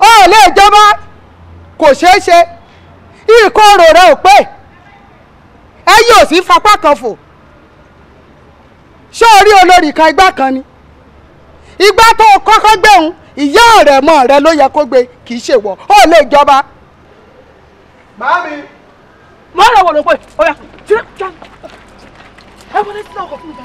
ó lè jọba kò ṣeé ṣe ìkorò rẹ ò pé ẹ yóò sì fapá kan fò ṣé orí olórí kan igbá kan ni igbá tó kọ́kọ́ gbẹ̀hún ìyá rẹ̀ mọ́ rẹ ló yẹ kó gbé kì í ṣe wọ́ ó lè jọba. màámi. mọ́ra wo ló pè ọ̀yà tí ẹ wọlé sínú ọkọ̀ fún mi.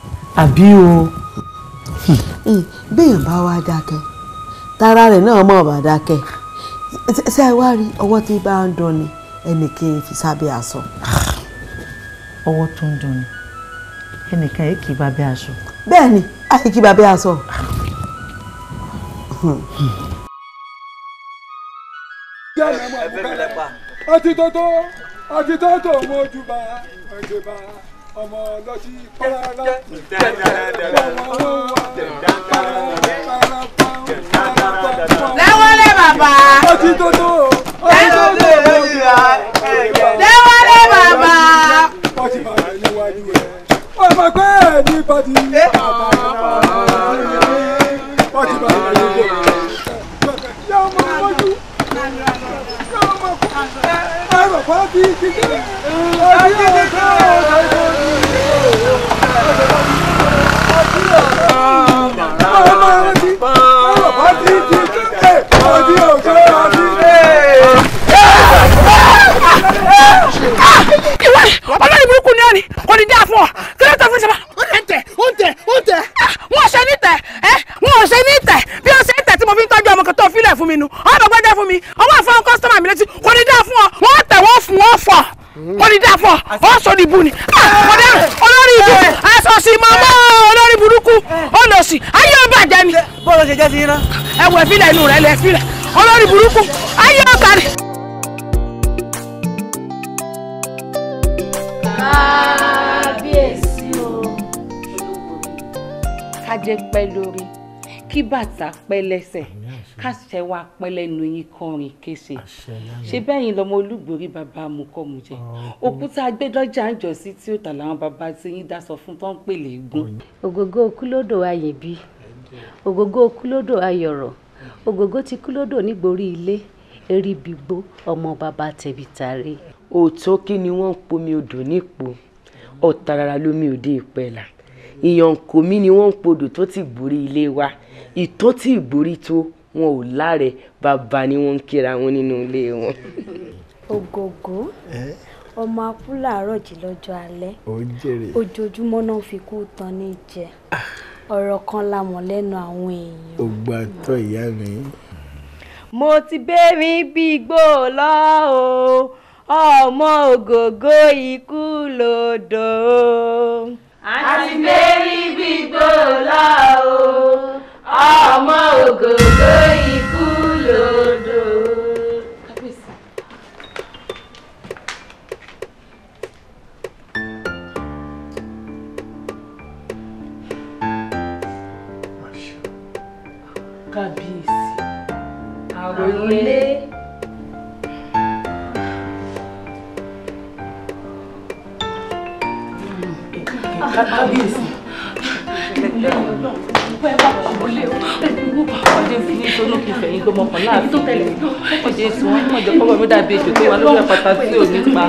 àbí o. Hmm. béèyàn bá wá dákẹ́ tara rẹ̀ náà mọ̀ bá dákẹ́ ṣe wá rí ọwọ́ tí bá ń dùn ni ẹnì fi sábẹ́ aṣọ. ọwọ́ tó ń dùn ni ẹnìkan yìí kì í bá bẹ́ aṣọ. bẹ́ẹ̀ ni a kì í bá bẹ́ aṣọ. ọtí tó tó ọtí tó tó mojú bá ọjọ́ bá ọmọ ọlọ́tí pàrọ̀ lẹ́wọ́lẹ́ bàbá. ó ti tó tó ó ti tó tó ìyá lẹ́wọ́lẹ́ bàbá. ó ti bàbá ní wájú rẹ̀ ó mọ̀ pé ní bàbá. ọmọ ọmọ ti ibú ni ah, ọ̀dà olórí ibú eh. asọ̀sì mọ́mọ́ olórí burúkú olòṣì ayé ọba jẹ ni. bọ́ọ̀lù ṣe jẹ́ sí iná. ẹ wọ inú rẹ̀ lẹ̀ ẹ̀fílẹ̀ olórí burúkú ayé ọba ni. kábíyèsí o kájẹ pẹ́ lórí kí bàtà pẹ́ lẹ́sẹ̀ kásẹ̀ wa pẹ́lẹ́ nu yín kọrin kése ṣe bẹ́yìn lọmọ olúgbòrí bàbá mu kọ́ mu jẹ òkúta agbẹ́dọ́jà ń jọ sí tí ó tà láwọn bàbá tí yín dá sọ fún tó ń pèlè egun. ògógó kúlódò ayèbí ògógó kúlódò ayọ̀rọ̀ ògógó ti kúlódò nígbórí ilé erigbigbo ọmọ bàbá tẹ̀bìtàrí. òótọ́ kí ni wọ́n ń pomi odò nípò ọ̀tàràrà lómi òde ìpẹ́là ìyànkò mi ni wọ́n ń podò tó ti borí ilé wa ìtó tí ìborí tó wọn ò láre bàbá ni wọ́n ń kíra wọn nínú ilé wọn. ògògó ọmọ apúlàárọ̀ jí lọ́jọ́ alẹ́ ojoojúmọ́ náà fi kú tán ní jẹ ọ̀rọ̀ kan la mọ̀ lẹ́nu àwọn èèyàn. ó gbà ìyá mi. mo ti bẹ́rin bí igbó lọ o ọmọ ògògó ikú lòdò. a ti bẹ́rin bí igbó lọ o. ọmọ ògògó ikú lòdò. kábíyèsí àròlé. kábíyèsí. ẹ bá kò lè o ọdẹ fi ní tó lókè fẹ̀yìn tó mọkàn láàfin tó tẹ̀lé ọdẹ tí wọ́n mọ̀ jẹ́ kọ́kọ́ mi dàbí ètò tó wà lórí àpáta tí ò ní pa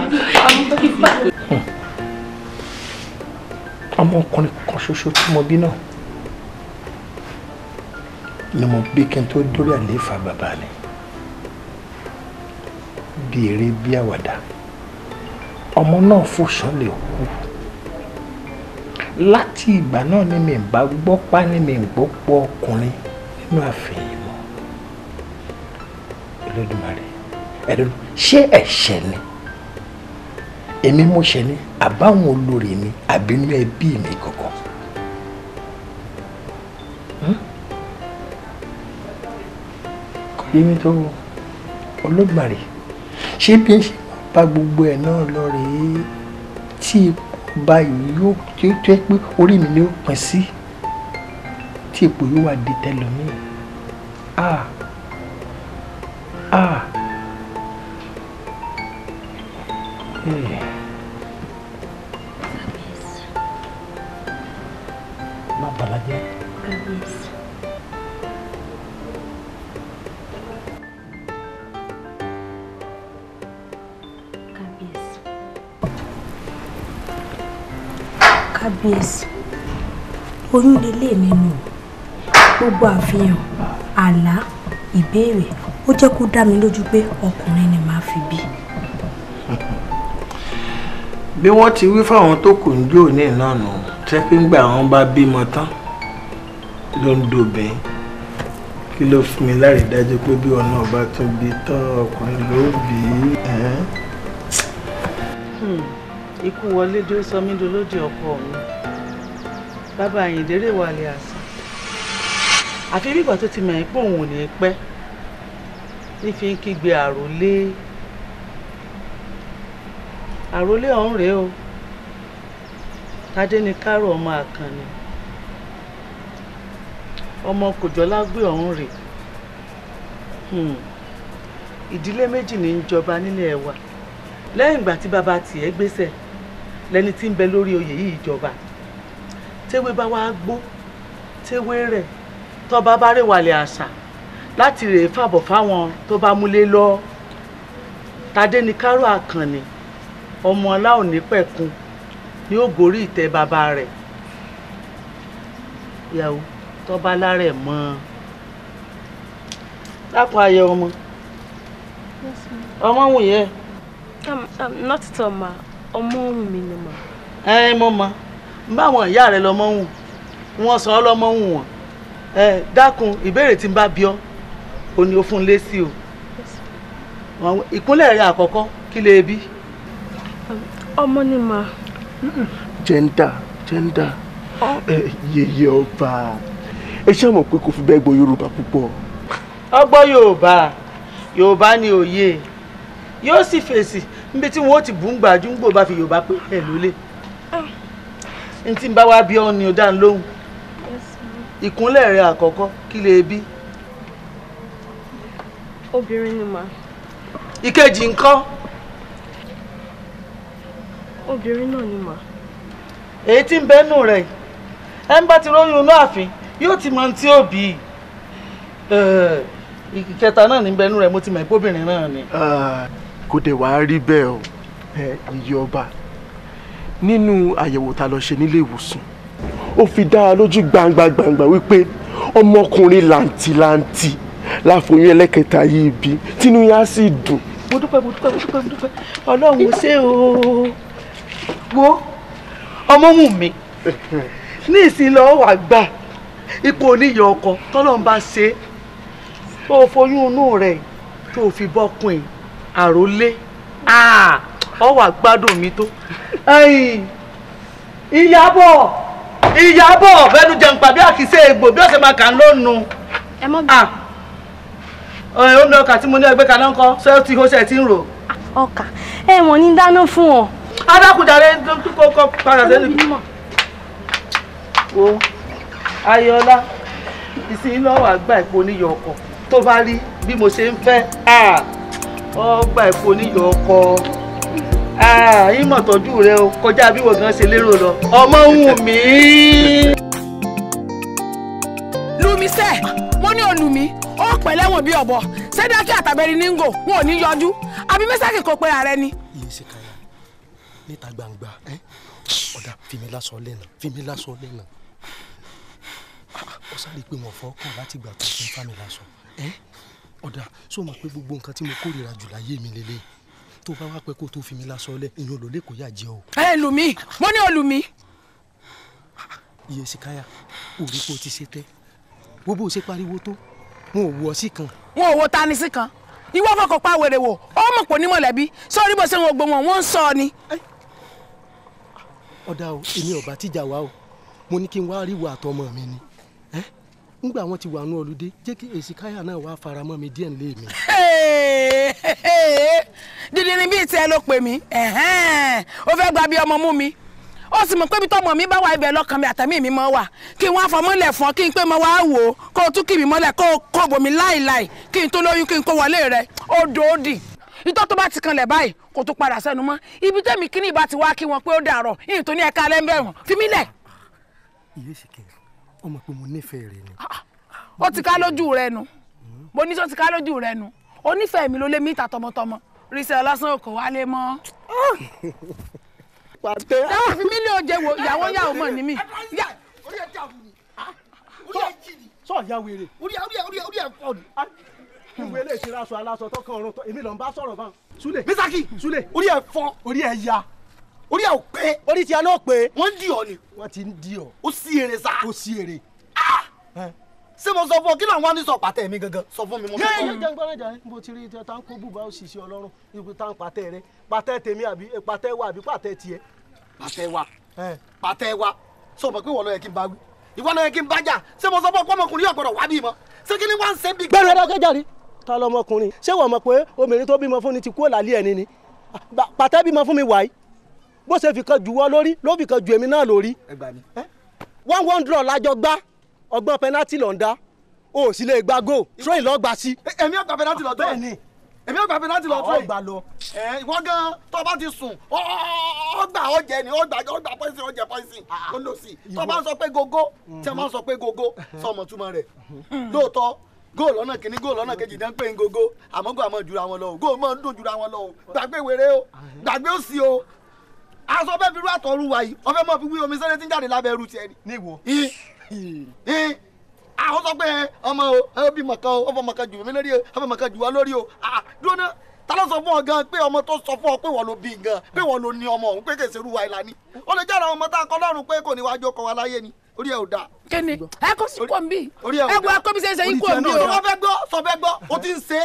ọmọ ọkùnrin kan ṣoṣo tí mo bí náà ni mo bí kí n tó dórí àlééfà bàbá mi bí eré bí àwàdà ọmọ náà fò sánlẹ̀ òkú láti ìgbà náà ni mi bá gbọ́ pa ni mi gbọ́ pọ̀ ọkùnrin nínú àfihàn mọ́ Olódùmarè ẹ̀dùn ṣé ẹ̀ṣẹ̀ ni èmi mo ṣẹ̀ ni àbáwọn olórí mi àbínú ẹbí mi kankan. kò yé mi tó Olódùmarè ṣé bí n ṣe bá gbogbo ẹ̀ náà lọ rèé tí ipò báyìí yóò tí ó jẹ́ pé orí mi ni ó pín sí tí èpò yóò wà di tẹlòmíì ah ah. Hey. oyún lélé mi nù gbogbo àfihàn àlá ìbéèrè ó jẹ́ kó dá mi lójú pé ọkùnrin ni màá fi bí. bí wọ́n ti wí fáwọn tó kù ń jò ní náà nù tẹ́ pé ńgbà wọn bá bímọ tán ló ń dobìn kí ló fún mi lárí dájú pé bí ọ̀nà ọba tún bí tán ọkùnrin ló bí i. Hmm, ikú wọlé dé sọ mí dolóde ọkọ mi bàbá Àyìndé rè wà lè àṣà àfi bígbà tó ti mọ̀ ẹ́ pé òun ò ní pẹ́ nífi ń kígbe àròlé àròlé ọ̀hún rèé o tadé ni kárò ọmọ àkànni ọmọ ọ̀hún rèé hmm. ìdílé méjì ní í jọba nílẹ̀ wa lẹ́yìn ìgbà tí bàbá tiẹ̀ gbéṣẹ̀ lẹni tí ń bẹ lórí oyè yìí jọba téwé bá wá gbó téwé rẹ̀ tọ́ba bá rè wàlẹ̀ àṣà láti rèé fàbọ̀ fáwọn tó bá múlé lọ tadé ni kárò àkànní ọmọ ọlá òní pẹ̀kun ni ó gorí ìtẹ́ bàbá rẹ̀ ìyàwó tọ́ba lára ẹ̀ mọ́ ọ lápò ayẹ ọmọ ọmọ wù yẹ. Um, um, not at all ọmọ wù mí ni ma. ẹ mo mọ n báwọn ìyá rẹ lọmọ ń wù wọn sàn ọ lọmọ ń wù wọn ẹ dákun ìbéèrè tí n bá bí ọ ò o fún un lé o ìkúnlẹ̀ rẹ àkọ́kọ́ kí lè bí. ọmọ ni mà. jẹ́ńdà jẹ́ńdà yèyé ọba ẹ ṣáà mọ̀ pé kò fi bẹ́ẹ̀ gbọ́ yorùbá púpọ̀. ọgbọ́ yorùbá yorùbá ni òye yóò sì fèsì níbi tí wọn ó ti bù ń gbàjú ń gbò bá fi yorùbá pé ẹ lólè. n tí n bá wá bí ọ ni ò dá ń lóhùn ìkúnlẹ̀ rẹ àkọ́kọ́ kí lè bí. obìnrin ni mà. ìkejì ńkọ́. obìnrin náà ni mà. èyí tí ń bẹ́nu rẹ̀ ẹ ń bá ti róyún inú ààfin yóò ti mọ tí ó bí ìkẹta náà ní bẹ́nu rẹ̀ mo ti mọ̀ ìpóbìnrin náà ni. Ah, kò dé wàá rí bẹ́ẹ̀ o ìyí ọba nínú àyẹ̀wò tá a lọ ṣe nílé ìwòsàn ó fi dá a lójú gbangba gbangba wípé ọmọkùnrin làǹtìlàǹtì láfoyún ẹlẹ́kẹta yìí bí tínú yá sì dùn. mo dúpẹ́ mo dúpẹ́ mo dúpẹ́ mo dúpẹ́ ọlọ́run ṣé o wo ọmọ wù mí ní ìsìn lọ́wọ́ wà gbà ipò oníyàn ọkọ tọ́lọ́run bá ṣe tó o foyún inú rẹ̀ tó o fi bọ́kùn ẹ̀ Ah ọ wà gbádùn mi tó. ìyàbọ̀ ìyàbọ̀ ọ̀fẹ́nu jẹun pàbí àkìsẹ́ egbò bí ọ̀sẹ̀ máa kà ń lónu. ẹ mọ bí. Ah. ó ní ọkà tí mo ní ẹgbẹ́ kaná ń kọ́ ṣé ó ti hó ṣe ti ń rò. ọkà ẹ wọn ní dáná fún ọ. adákùnjáde kó kọ padà sẹ́nu. wo ayọ̀ọ́lá ìsìn lọ́wọ́ àgbà ìpò oníyọ̀ ọkọ̀ tó bá rí bí mo ṣe ń fẹ́ ọgbà ah, ìpò oníyọ̀ ọkọ̀ ìmọ̀ tọ́jú rẹ o kọjá bí wọ́n gan ṣe lérò lọ ọmọ wù mí. lumi sẹ wọn ní olù mí ó pẹ̀lẹ́ wọn bí ọ̀bọ sẹ́dákì àtàbẹ̀rẹ̀ níngò wọn ò ní yọjú àbí mẹ́sàkì kò pé ààrẹ ni. iye ṣe kára níta gbangba ọ̀dà fimi lásán lẹ́nà fimi lásán lẹ́nà ó sáré pé wọn fọ́ọ̀kàn láti gbà tó fún fámi lásán ọ̀dà sọ ma pé gbogbo nǹkan tí mo kórìíra jù láyé mi lélẹ́yìí tó bá wá pẹ́ kó tó fi mi lásán lẹ̀ ìyẹn olùlé kò yà jẹ́ o. ẹ lù mí mo ní olù mí. iye sikaya òrí kò ti ṣe tẹ gbogbo ṣe pariwo tó wọn ò wọ sí kan. wọn ò wo ta ni sí kan ìwọ fọkàn pa wèrè wò ó mọ̀ pò ní mọ̀lẹ́bí sọ́ọ́rí bó ṣe wọn gbọ́ wọn ń sọ ni. ọ̀dà o èmi ọ̀bà tíjà wa o mo ní kí n wá ríwo àtọmọ mi ni ngbà wọn ti wà nù ọlùdé jẹ́ kí èsì káyà náà wàá faramọ́ mi díẹ̀ nílé mi. dídí ni bíi tiẹ̀ ló pè mí ó fẹ́ gba bí ọmọ mú mi ó sì mọ̀ pé bí tọmọ mi bá wà ibẹ̀ lọ́kàn mi àtẹ̀mí mi mọ́ wà kí wọ́n afọmọ́lẹ̀ fún ọ kí n pé mo wá wò ó kó o tún kì mí mọ́lẹ̀ kó o kó bòmí láìláì kí n tó lóyún kí n kó wọlé rẹ ó dòódì ìtọ́ tó bá ti kanlẹ̀ báyìí kò tún padà sẹ́nu mọ́ ibi tẹ́mi kíní ìbá ti wá kí wọn pé ó dàrọ̀ ìyìn tó ní ẹ̀ka alẹ́ ń bẹ̀rùn fi mí lẹ̀. ìyẹ́sì ọmọ pé mo nífẹ̀ẹ́ rẹ ni. Ah, ah, ó ti ká lójú rẹ nu mo ní sọ ti ká lójú rẹ nu onífẹ̀ẹ́ mi ló lé mítà tọmọtọmọ ríṣẹ́ ọlásán òkò wálé mọ́. pàtẹ. dáhùn fi mílíọ̀nù jẹ wo ìyàwó yàwó mọ̀ ní mi. orí ẹ jà wù mí ah, orí ẹ jì mí. sọ ìyá wèrè. orí ẹ orí ẹ orí ẹ orí ẹ kọ ni. ìwé ilé ìṣeré aṣọ aláṣọ tọkàn ọrùn èmi lọ ń bá sọ̀rọ̀ bá. Sule. Misaki. Sule. orí ẹ fọ́ orí ẹ ya orí àwọn pé. orí tí a náà pé. wọ́n ń di ọ ni. wọ́n ti ń di ọ. ó sí èrè sá. ó sí èrè. Ah! ṣé mo sọ fún ọ kí làwọn wá ní sọ pàtẹ mi gangan sọ fún mi mo. yéé yéé jẹun gbọ́dọ̀ jẹ́ mo ti rí tá n kó bùbá òṣìṣẹ́ ọlọ́run ibi tá n pàtẹ rẹ pàtẹ tèmi àbí eh, pàtẹ wa àbí pàtẹ tiẹ̀. pàtẹ wa pàtẹ wa sọ ma pé wọ́n lọ yẹ kí n bá wí ìwọ lọ yẹ kí n bá jà ṣé mo sọ fún ọ pé ọmọkùnrin yóò gbọ́dọ̀ wá bí mọ ṣé kí ni wá ń ṣe bí. gbẹ́rù ẹ̀dá kẹjà rí ta lọmọkùnrin ṣé wọ́n mọ̀ pé obìnrin tó bímọ fún ni ti kú òlàlẹ́ ẹ̀ ni ni ah, pàtẹ́ bímọ fún mi wàyí bó ṣe fi kan jù wọ́ lórí ló fi kan jù èmi náà lórí. one one draw lájọ gbá ọgbọ́n penalty ló ń dá o ò sì lè gba goal train lọ́ọ́ gba sí. èmi ò gba penalty lọ́ọ́ bẹ́ẹ̀ ni èmi ò gba penalty lọ́ọ́ train. ọgbà lọ. ìwọ gan tó bá ti sùn ọgbà ọjẹ ni ọgbà ọgbà poison ọjẹ poison ó ah, lò sí tó bá ń sọ pé gogo mhm. tí a máa ń sọ pé gogo sọmọ túmọ̀ rẹ̀ mhm. lóòótọ́ góòlù ọ̀nà kìíní góòlù ọ̀nà kejì náà ń pè ń gogo àmọ́ góòlù àmọ́ jura wọn lọ o góòlù máa ń dùn jura wọn lọ o gbàgbé wèrè o gbàgbé òsì o aṣọ bẹ́ẹ̀ fi rú àtọ̀rù wa yìí ọ̀fẹ́ mọ́ fi wí omi sẹ́lẹ̀ tí ń jáde lábẹ́ ẹrú tiẹ̀ ni. níwò. àwọn sọ pé ọmọ o bí mọ̀kan o ọmọ mọ̀kan jù mí lórí o ọmọ mọ̀kan jù wá lórí o dúró náà ta ló sọ fún ọ gan pé ọmọ tó sọ fún ọ pé wọ́n ló bí gan pé wọ́n ló ní ọmọ òun pé kèsè rú wa ìlànà ó lè jára ọmọ tá a kọ lọ́rùn pé kò ní wájú ọkọ wa láyé ni orí ẹ ò dáa. kíni ẹ kò sí kò ń bì ẹ gbọ́ akóbi ṣe ń ṣe yín kò ń bì o. sọfẹ́ gbọ́ sọfẹ́ gbọ́ o ti ń ṣe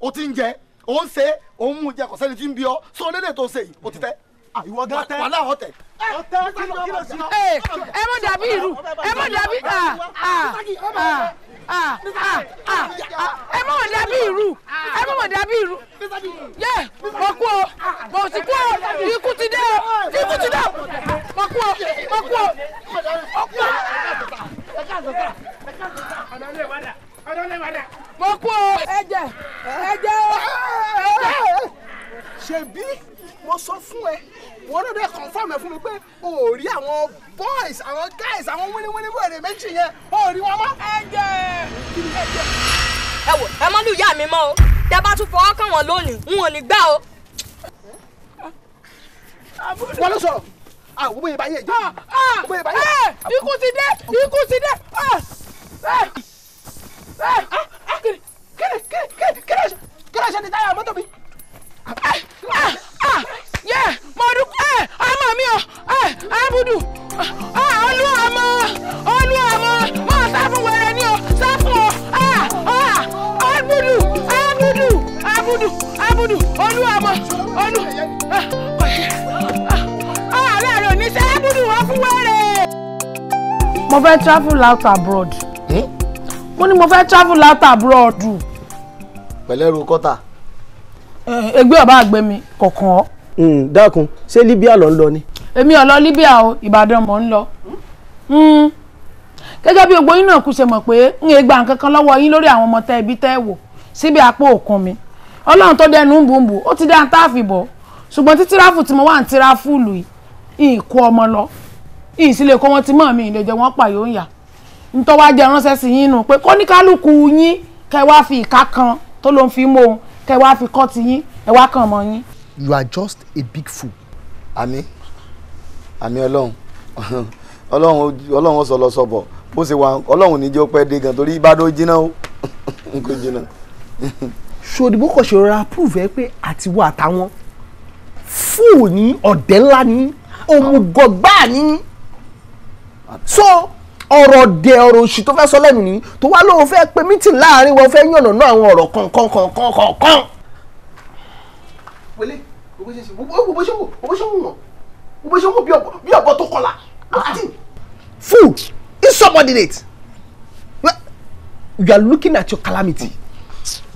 o ti ń jẹ o ń ṣe o ń mú jẹ kò sẹ́ni tí ń bí ọ sọ lélẹ̀ tó ṣe yìí o ti tẹ́. Ah, ìwọ gan tẹ wàhálà ọtẹ ọtẹ kìlọ kìlọ sí ọ. ẹ ẹ mọ dàbí irú ẹ mọ dàbí à à à a à ẹ mọ mọ dàbí irú ẹ mọ mọ dàbí irú yẹ mo kú o mo sì kú o ikú ti dé o ikú ti dé o mo kú o mo kú o mo kú o. mo kú o ẹ̀jẹ̀ ẹ̀jẹ̀ o. ṣebí mo sọ fún ẹ wọ́n ló dé confam ẹ fún mi pé o ò rí àwọn boys àwọn guys àwọn wíníwíní wèrè méjì yẹn o ò rí wọn mọ́. ẹ jẹ ẹ wò ẹ mọ́ ní ìyá mi mọ́ o tẹ bá tún fọwọ́ kàn wọ́n lónìí n ò ní gbà o. wọ́n ló sọ̀rọ̀ àwọn bóyá báyé ìjọ bóyá báyé. ikú ti dé ikú ti dé. kíni kíni kíni kíni kíni ṣe ni táyà mọ́tò mi yẹ mo dúpẹ́ ọmọ mi o abudu olú ọmọ olú ọmọ mo sá fún wẹrẹ ni o sá fún o abudu abudu abudu abudu olú ọmọ olú ọ̀rẹ́ rẹ̀ ní sẹ́ abudu wọ́n fún wẹrẹ. mo fẹ́ travel out abroad mo ní mo fẹ́ travel out abroad. pẹ̀lẹ́ ru kọ́ta. Eh, ẹgbẹ́ ọba àgbẹ̀ mi kọ̀ọ̀kan ọ́. Hmm, dákun ṣé Libya ló ń lọ ni. èmi ò lọ Libya o Ìbàdàn mò ń lọ. Hmm, gẹ́gẹ́ bí gbogbo yín náà kù ṣe mọ̀ pé ń yẹ gba nǹkan kan lọ́wọ́ yín lórí àwọn ọmọ tẹ́ ibi tẹ́ wò síbi àpò òkun mi Ọlọ́run tó dẹnu ń bùnbùn ó ti dáa táàfì bọ̀ ṣùgbọ́n tí tíráfù tí mo wà ń tíráfù lù yìí kó ọmọ lọ ìsílẹ̀ kó wọn ti mọ̀ mi ìlẹ̀jẹ̀ wọn pààyò ń yà ntọ́wájẹ ránṣẹ́ sí yín nù pé kóníkálukú yín kẹ́ fi ìka kan tó ló ń fi mọ́ ohun kẹ wá fi kọ́ ti yín ẹ wá kàn mọ́ yín. you are just a big fool. àmì àmì ọlọ́run ọlọ́run ọlọ́run ó sọ lọ sọ bọ̀ bó ṣe wà ọlọ́run níjẹ́ ó pẹ́ dé gan torí ìbádọ́ jiná ó n kò jiná. ṣòdìbò kò ṣe rọra prove ẹ pé àtiwọ àtàwọn fúù ní ọ̀dẹ́ ńlá ní òmùgọ̀ ní so ọ̀rọ̀ dẹ ọ̀rọ̀ òṣì tó fẹ́ sọ lẹ́nu nìyí tó wá lóun fẹ́ pe mítìn láàrin wọn fẹ́ yànnà náà àwọn ọ̀rọ̀ kankan kankan kankan. wọlé bó ṣe ń wọ̀ bó ṣe ń wọ̀ bí ọ̀bọ tó kọlà. fool insubordinate well, you are looking at your calamity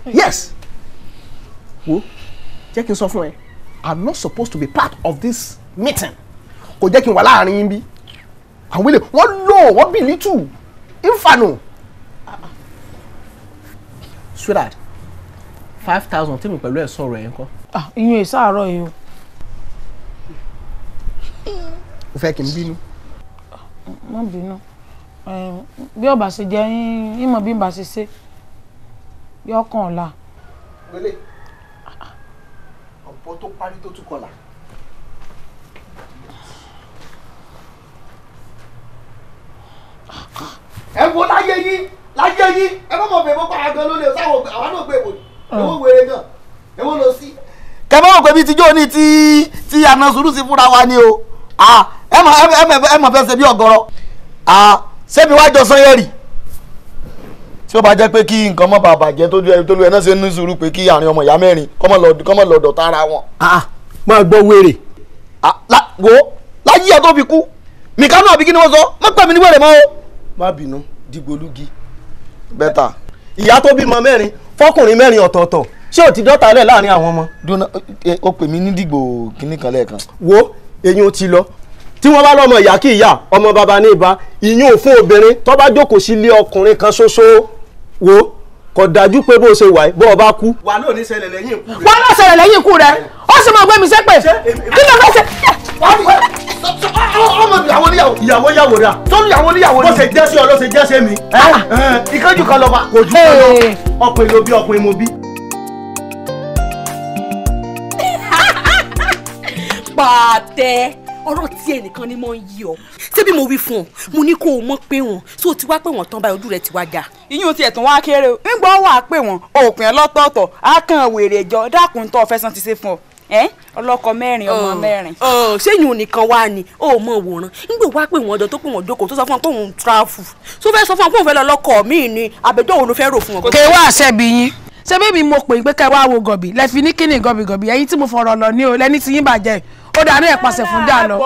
yes wo jẹ́ kí n sọ fún ẹ i'm not supposed to be part of this meeting kò jẹ́ kí n wà láàrin yín bí àwọn ilé wọ́n lò wọ́n bì lítù ìfànù. sweetheart five thousand tí mi pẹ̀lú ẹ̀ sọ̀rọ̀ ẹ̀ ń kọ́. Ah, ìyẹn ìsáàárọ̀ yìí o. o fẹ́ kí n bínú. má bínú bí ọba ṣe jẹ yín ìmọ̀ bí n bá ṣe ṣe yọkàn ọ̀la. wẹ́lẹ̀ ah, ah. ọ̀pọ̀ tó parí tó tún kọlà. ẹ wo láyé yín láyé yín ẹ bá mọ̀ pé mo pàrọ̀ gan lónìí sáwọn àwọn náà gbé èbò èwo wèrè gan èwo lọ sí. kẹ bá wọ pé bíi tíjọ́ ní ti ti àna sùúrù sí fúnra wa ni o ẹ mọ̀ ẹ mọ̀ fẹ́ ṣe bí ọ̀gọ́rọ̀ ṣébi wá jọ sanyẹ rì tí ó bá jẹ́ pé kí nǹkan mọ́ bàa bàjẹ́ tó lu ẹ náà ṣe ní sùúrù pé kí àárín ọmọ ìyá mẹ́rin kọ́mọ lọ́dọ̀ tara wọn. máa gbọ́ wèrè. wo láyé ẹ tó fi kú mìkánú àbí kí ni wọ́n sọ mọ́pẹ́ mi ní wèrè mọ́ o má bínú dìgbòlugi. bẹ́tà. ìyá tó bímọ mẹ́rin fọkùnrin mẹ́rin ọ̀tọ̀ọ̀tọ̀ ṣé ò ti dọ́ta lẹ̀ láàrin àwọn ọmọ. dúnà ó pè mí ní dìgbò kínní kan lẹ́ẹ̀kan. wo eyín o ti lọ tí wọ́n bá lọ́mọ ìyá kí ìyá ọmọ baba ní ìbá ìyún òfún obìnrin tó bá jókòó sí ilé ọkùnrin kan ṣoṣo wo kò dájú pé bó ṣe wà bó o bá kú. wà ló ní ṣẹlẹ̀ lẹ́yìn ikú rẹ. wà ló ṣẹlẹ̀ lẹ́yìn ikú rẹ ó sì máa gbé mi sẹ́pẹ̀ kí ló fẹ́ ṣe. ọmọ ìyàwó níyàwó ìyàwó yàwó rà tó níyàwó níyàwó ni. bó ṣe jẹ́ sí ọ ló ṣe jẹ́ sí mi. Ah, ah. ìkánjú kan lọ́ba kò ju kan lọ ọkùnrin ló bí ọkùnrin mo bí. pàtẹ́ ọ̀rọ̀ tiẹ̀ nìkan ni mo ń yí ọ ṣebí mo wí fún ọ mo ní kó o mọ̀ pé wọn so ti wá pé wọn tán báyìí ojú rẹ ti wá ga. iyún tiẹ̀ tún wá kéré o ńgbọ́ wà á pè wọ́n òpin ọlọ́tọ̀ọ̀tọ̀ á kàn wèrè jọ dákun tó ọ̀fẹ́ san ti ṣe fún ọ ọlọ́kọ mẹ́rin ọmọ oh, mẹ́rin. Oh, ṣéyìn onìkan wá ni ó mọ òwòrán nígbà wá pé wọn ọjọ́ tó pé wọn jókòó tó sọ fún wọn pé òun tráfù tó fẹ́ sọ fún wọn pé òun fẹ́ lọ lọ́kọ mi ni àbẹjọ òun ló fẹ́ rò fún wọn. kè wá àṣẹbi yín ṣé bébí mo pè é pé ká wá wo gọ̀bì lẹ́fi ní kíni gọ̀bìgọ̀bì ẹ̀yin tí mo fọ̀rọ̀ lọ ní o lẹ́ni tí yín bàjẹ́ ó dà ní ẹ fún dà lọ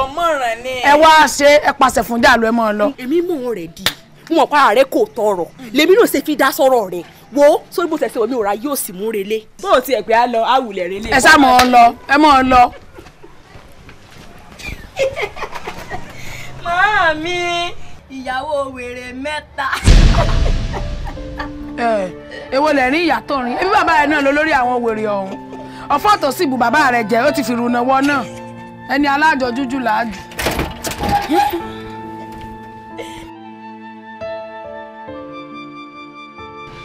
ẹ wá ṣe ẹ fún dà lọ ẹ mọ lọ. èmi mò ń rẹ̀ di mo mọ̀ pé kò tọrọ lèmi náà ṣe fi dá sọ̀rọ̀ rẹ̀ wo sórí bó tẹ̀sẹ̀ omi òra yóò sì mú relé. bó o ti ẹ̀gbẹ́ á lọ àwùlẹ̀ relé. ẹ sá mọ̀ ọ lọ ẹ mọ̀ ọ lọ. màá mi ìyàwó wèrè mẹ́ta. ẹ èwo lẹ rí ìyàtọ̀ rin ebi bàbá rẹ náà lọ lórí àwọn wèrè ọ̀hún ọ̀fọ̀ sì bu bàbá rẹ jẹ́ ó ti fi rùnà wọ náà. ẹni alájọ jújú làájú.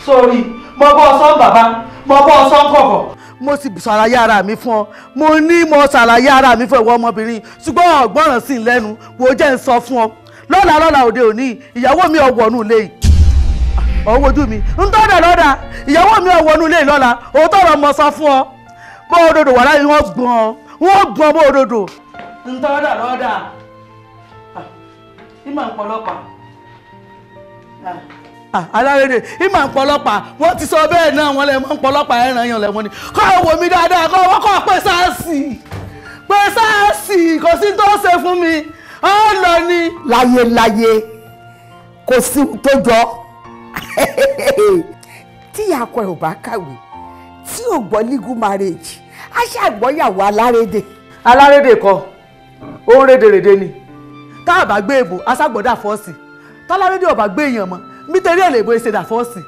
sórí mo bọ́ ọsán bàbá mo bọ́ ọsán kọ̀kọ̀. mo sì ṣàlàyé ara mi fún ọ mo ní mo ṣàlàyé ara mi fún ìwọ ọmọbìnrin ṣùgbọ́n ọ̀gbọ́ràn sí lẹ́nu wo jẹ́ ń sọ fún ọ lọ́la lọ́la òde òní ìyàwó mi ọ̀wọ̀nù lè yìí Ọwọ́ ojú mi ń tọ́jà lọ́dà ìyàwó mi ọ̀wọ̀nù lè lọ́la òótọ́ ọ̀rọ̀ mọ̀ sọ fún ọ bó o dòdò wà láyé wọn gbọ́n ọ. wọ́n bu ọmọ òdodo. ntọ́dà lọ́dà ah, ìmọ̀ ń pọlọ́pàá. Ah. Ah, alárédè ìmọ̀ ń pọlọ́pàá wọ́n ti sọ bẹ́ẹ̀ náà wọ́n lẹ̀ mọ́ ń pọlọ́pàá ẹ̀ràn yàn lẹ́wọ́n ni kọ́ wò mí dáadáa kọ́ wọ́n kọ́ pé sáàsì pé sáàsì kò sí tó ṣe fún mi ó lọ ni. láyéláyé kò sí tó jọ tíyàkọ ẹ̀ ò bá kàwé tí ò gbọ́ legal marriage a ṣàgbọ́yàwó alárédè. alárédè kọ́ ó ń rédèrèdè ni. tá a bá gbé èbò aṣàgbọ́dà fọ́ọ̀sì tọ́lárédè ò bá gbé èèyàn mọ́ nítorí èlé èbò ìṣèdà fọ́ọ̀sì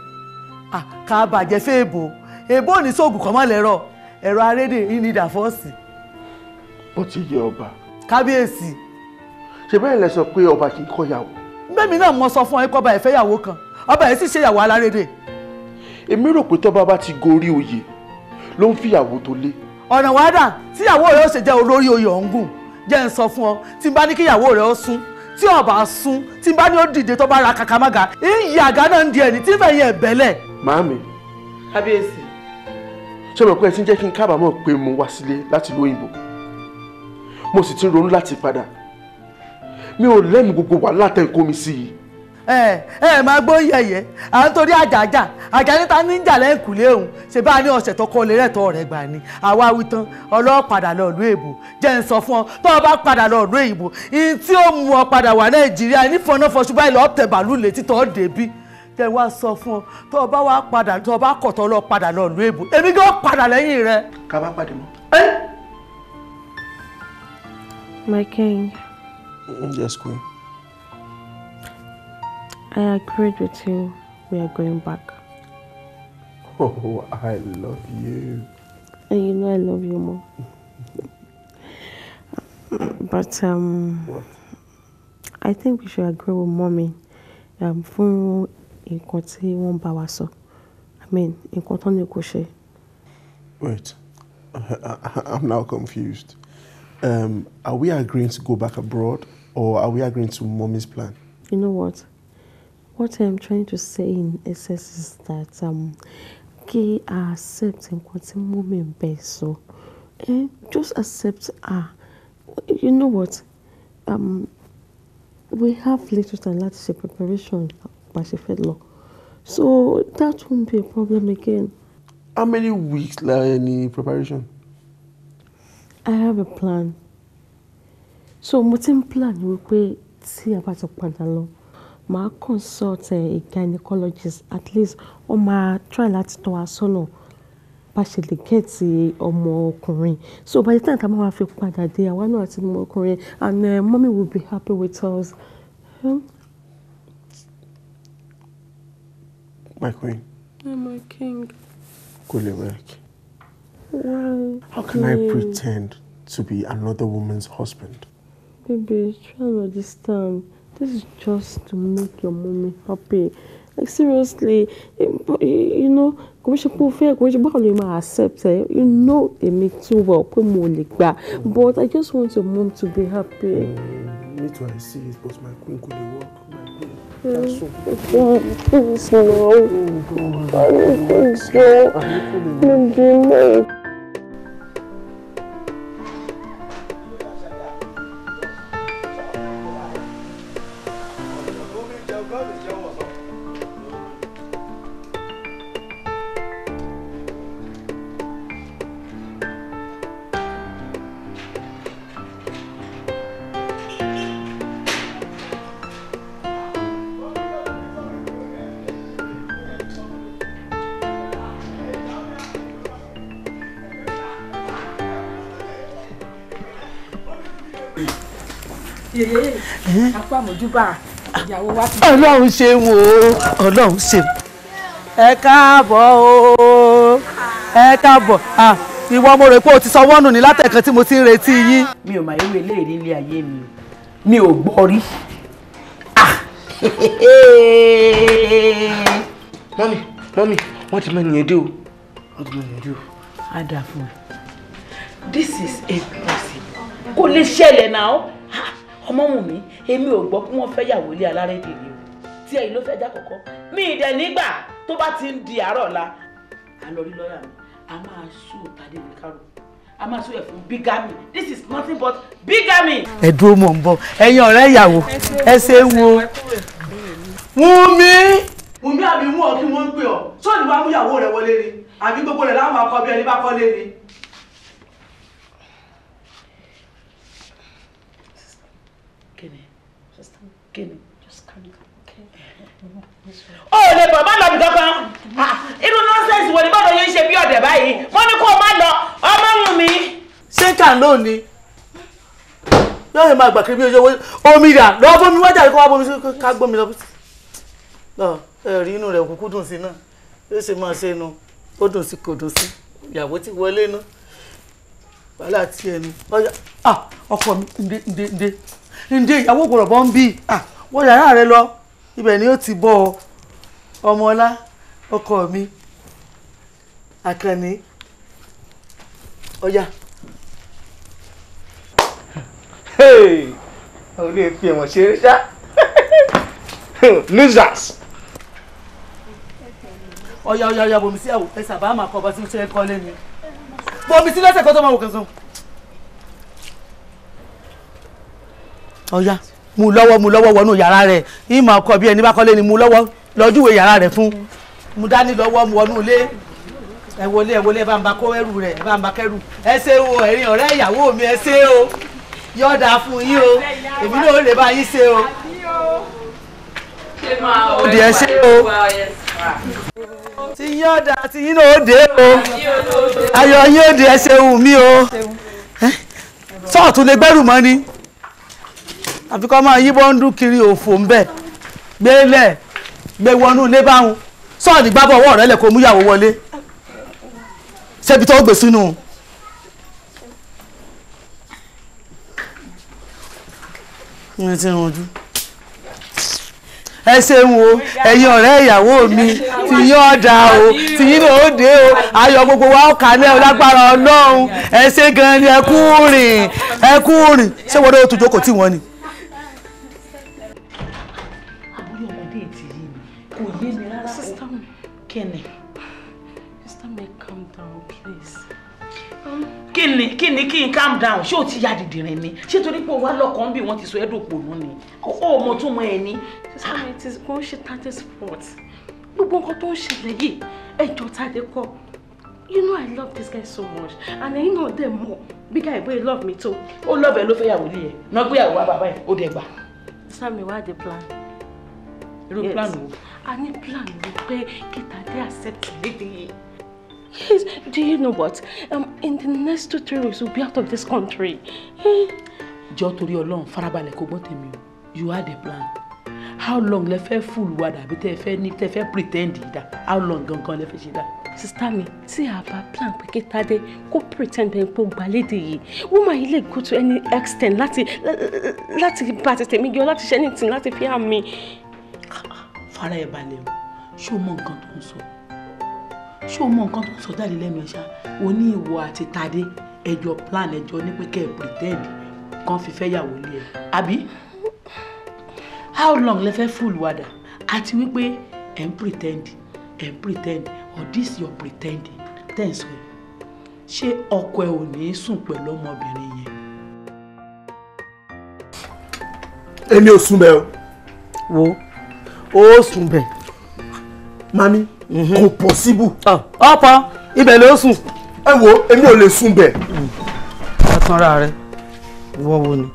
ká a bàjẹ́ fẹ́ èbò èbò ò ní sóògùn kọ́mọ́ lẹ́rọ ẹ̀rọ arédè ní ìdà fọ́ọ̀sì. ó ti yẹ ọba. kábíyèsí. ṣe bẹ́ẹ̀ lẹ sọ pé ọba kì í kọ́yàwó. bẹ́ẹ̀ náà mo sọ fún ẹ kọ́ba ẹ̀ fẹ́yàwó kan ọba ẹ̀ sì ṣèyàwó alárédè. èmi rò pé tọ́ba bá ti gorí oyè ló ń fìyàwó tó lé ọ̀nà wàdà tíyàwó rẹ ó ṣe jẹ́ olórí oyè ọ̀ngùn jẹ́ ń sọ fún ọ tí n bá ní kíyàwó rẹ ó sún tí ó bá sún tí n bá ní ó dìde tó bá ra kàkàmága ìyí àga náà ń di ẹni tí ń fẹ̀yìn ẹ̀ màámi kábíyèsí ṣé mo pé ẹ ti ń jẹ́ kí n kábàámọ̀ pé mo wá sílé láti ìlú òyìnbó mo sì ti ń ronú láti padà mi ò lẹ́nu gbogbo wàhálà tẹ̀ ń kó mi sí i ẹ ẹ máa gbọ́ yẹ̀yẹ́ à ń torí àjàjà àjàjà ta ní jà lẹ́ǹkùlé òun ṣe bá a ní ọ̀sẹ̀ tó kọ́ lé rẹ̀tọ́ rẹ̀ gbà ni àwa wí tán ọlọ́pàdà lọ́ọ̀lú èbò jẹ́ ń sọ fún ọ tó bá padà lọ́ọ̀lú èbò tí ó mú ọ wà nàìjíríà báyìí létí wá fún ọ o bá wá padà I agreed with you. We are going back. Oh, I love you. And you know I love you more. but um, what? I think we should agree with mommy um, fún nǹkan tí won bá wa sọ. I mean, nǹkan tó ní kò ṣe. Wait, I, I, I'm now confused. Um, are we agreeing to go back abroad or are we agreeing to mommy's plan? You know what? What I'm trying to say in essence is that um, kí a accept nǹkan tí mọ́mí sọ eh, just accept Ah, you know what um, we have little and lots of preparation by the fed law, so that won't be a problem again. How many weeks Any preparation? I have a plan so what's in ń plan wípé tí a bá pay. See about ti pada màá consult eh, a gynecologist at least ó máa try láti tọ́ wa sọ́nà bá ṣe lè gẹ́tì ọmọ ọkùnrin. So by the time tí a máa fi padà dé, àwa náà ti ní ọmọ ọkùnrin and eh, mommy will be happy with us. Hmm? My queen. Yeah, my king. Kò lè work. Why? How can yeah. I pretend to be another woman's husband? Baby, try to understand. This is just to make your mommy happy. Like seriously, eh, eh, you know, kò ṣe pé o fẹ́ kò ṣe báwo ni ma accept ẹ you know èmi too well pé mo lè gbà but I just want your mom to be happy. Mm, me too I see it but my queen go dey work my queen. Please no, please no, please no, please no. ojú bá ìyàwó wa ti. ọlọ́run ṣeun o ọlọ́run ṣeun ẹ káàbọ̀ o ẹ káàbọ̀ ìwọ mo rò pé o ti sọ wọ́nù ní látẹ̀kan tí mo ti ń retí yín. mi ò mà irú eléyìí nílé ayé mi mi ò gbọ́ rí. mọ́mí mọ́mí wọ́n ti mẹ́nu yẹn o wọ́n ti mẹ́nu yẹn o. á fún ẹ. this is impossible kò lè ṣẹlẹ̀ náà ọmọ wù mí èmi ò gbọ́ pé wọ́n fẹ́ yàwó ilé alárédè ni o tí ẹ̀yin ló fẹ́ já kọ̀kọ́ mi ì dẹ̀ nígbà tó bá ti ń di àárọ̀ ọ̀la à lọ rí lọ́ọ̀yà mi a máa sùn tàdé mi kárò a máa sọ ẹ fún bigamy this is nothing but bigamy. ẹ dúró mọ̀ ń bọ̀ ẹ̀yin ọ̀rẹ́ ìyàwó ẹ ṣe é wo Wúnmi. Wúnmi àbí wú ọ kí wọ́n ń pè ọ sọ́ọ̀nù bá mú ìyàwó rẹ̀ wọlé ni àbí gbogbo rẹ̀ láwọn akọ bí ẹni bá kọ́ lé ni. kémi o lè bọ̀ má lọ bí kankan ah, ah, irú nọ́ọ̀sẹ̀sì wo ni bọ́dọ̀ yẹn ń ṣe bí ọ̀dẹ̀ báyìí wọ́n ní kó o má lọ ọmọ wù mí. ṣé kà ló ni yóò ṣe máa gbà kiri bí ojú owó omi rà lọ́wọ́ bómi wájà kó wá bómi ká gbómi lọ lọ ẹ̀rí inú rẹ̀ kúkú dùn sí náà yóò ṣe máa ṣe nu ó dùn sí kò dùn sí ìyàwó ti wọlé nu wàhálà tiẹ̀ nu ah, ọkọ mi ǹde ǹde ǹde ǹdẹ ìyàwó kò rọ̀bọ̀ ń bí wọ́n yàrá rẹ lọ ibẹ̀ ni ó ti bọ́ ọ ọmọọlá ọkọ mi àkànní ọjà. o lè fi ẹ̀wọ̀n ṣeré ṣá losers. ọ̀ya ọ̀ya ọ̀ya bòmísí àwò ẹ̀sà bá máa kọ́ ọba tí mo ṣe é kọ́ lẹ́nu bòmísí lọ́sẹ̀ kọ́ tó máa wò kẹsàn-án. ọ̀ya mu lọ́wọ́ mu lọ́wọ́ wọnú yàrá rẹ̀ ìmọ̀ ọkọ bí ẹni bá kọ́lé ni mu lọ́wọ́ lọ́júwe yàrá rẹ̀ fún mu dání lọ́wọ́ mu wọnú ilé ẹ wọlé ẹ wọlé ẹ bá ń ba kó ẹrù rẹ ẹ bá ń ba kẹrù ẹ ṣe o ẹ̀yin ọ̀rẹ́ ìyàwó mi ẹ ṣe o yọ̀ọ̀dà fún yín o èmi náà lè bá yín ṣe o. ó di ẹ ṣe o ti yọ̀ọ̀dà ti yín náà ó dé o ayọ̀ yín ó di ẹ ṣe o mi o sọ́ọ̀tún lè gbẹ́rù mọ́ ni àfi kọ́ máa yí bọ́ńdú kiri òfò ń bẹ̀ gbélẹ̀ gbé wọnú ilé báwọn sọ́ọ̀dì gbábọ̀ ọwọ́ rẹ̀ lẹ̀ kó múyàwó wọlé ṣébi tó gbé sínú. ẹ ṣeun o ẹ̀yin ọ̀rẹ́ ìyàwó mi ti yín ọ̀dà o ti yín ló dé o ayọ̀ gbogbo wa ó kalẹ̀ o lágbára ọlọ́run ẹ ṣe gan ni ẹ kú rìn ẹ kú rìn ṣé wọ́n ló tún jókòó tì wọ́n ni. Kíni? Mr. May, calm down, please. Um, kíni, kíni, kíni, calm down. Ṣé o ti ya dìdìrín She told me pé o wá lọ́kàn bí wọ́n ti sọ ẹ́ dòpònú ni? O mọ̀ tún mọ ẹ ní. Mr. May, it is going to start a sport. Gbogbo nǹkan tó ń hey, don't ẹjọ́ Tade kọ́. You know I love this guy so much and I know them more. Big guy boy love me too. Ó love ló fẹ́ yàwó ní ẹ̀. Nọ́gbéyàwó wa bàbá ẹ̀, ó dẹ̀ tell me what the plan? Irú plan wo? a ní plan wípé kíta dé accept lady Yes, do you know what? Um, in the next two, three weeks, we'll be out of this country. Jọ torí Ọlọ́run farabalẹ̀ kó gbọ́n tèmi o. You had a plan. How long lẹ fẹ́ fool wa dàbí tẹ fẹ́ ní tẹ fẹ́ pretend yìí How long gangan lẹ fẹ́ ṣe dá? Sista mi, have a plan pé kí Tade kó pretend pé kó gbàlédè yìí, woman yìí lè go to any extent láti láti party. tètè mi yọ láti ṣe anything láti fi hàn mi fara ẹ̀ balẹ̀ o ṣé o mọ nǹkan tó ń sọ ṣé o mọ nǹkan tó ń sọ jáde lẹ́nu ẹ̀ o ní ìwọ àti tadé ẹjọ plan ẹjọ ní pé kẹ́ ẹ̀ pretend kan fi fẹ́ yàwó lé ẹ àbí how long lẹ fẹ́ fool wàdà àti wípé ẹ̀ ń pretend ẹ̀ ń pretend or this your pretending ten sọ yìí ṣé ọkọ ẹ ò ní sùn pẹ̀lú ọmọbìnrin yẹn. èmi ò sùn bẹ́ẹ̀ o. wo ó sùn bẹ̀. mami mhm. kò possible. Ah, ọ̀pọ̀ ibẹ̀ ló sùn. ẹ wo èmi ò lè sùn bẹ̀. ẹ tanra rẹ ìwọ wo ni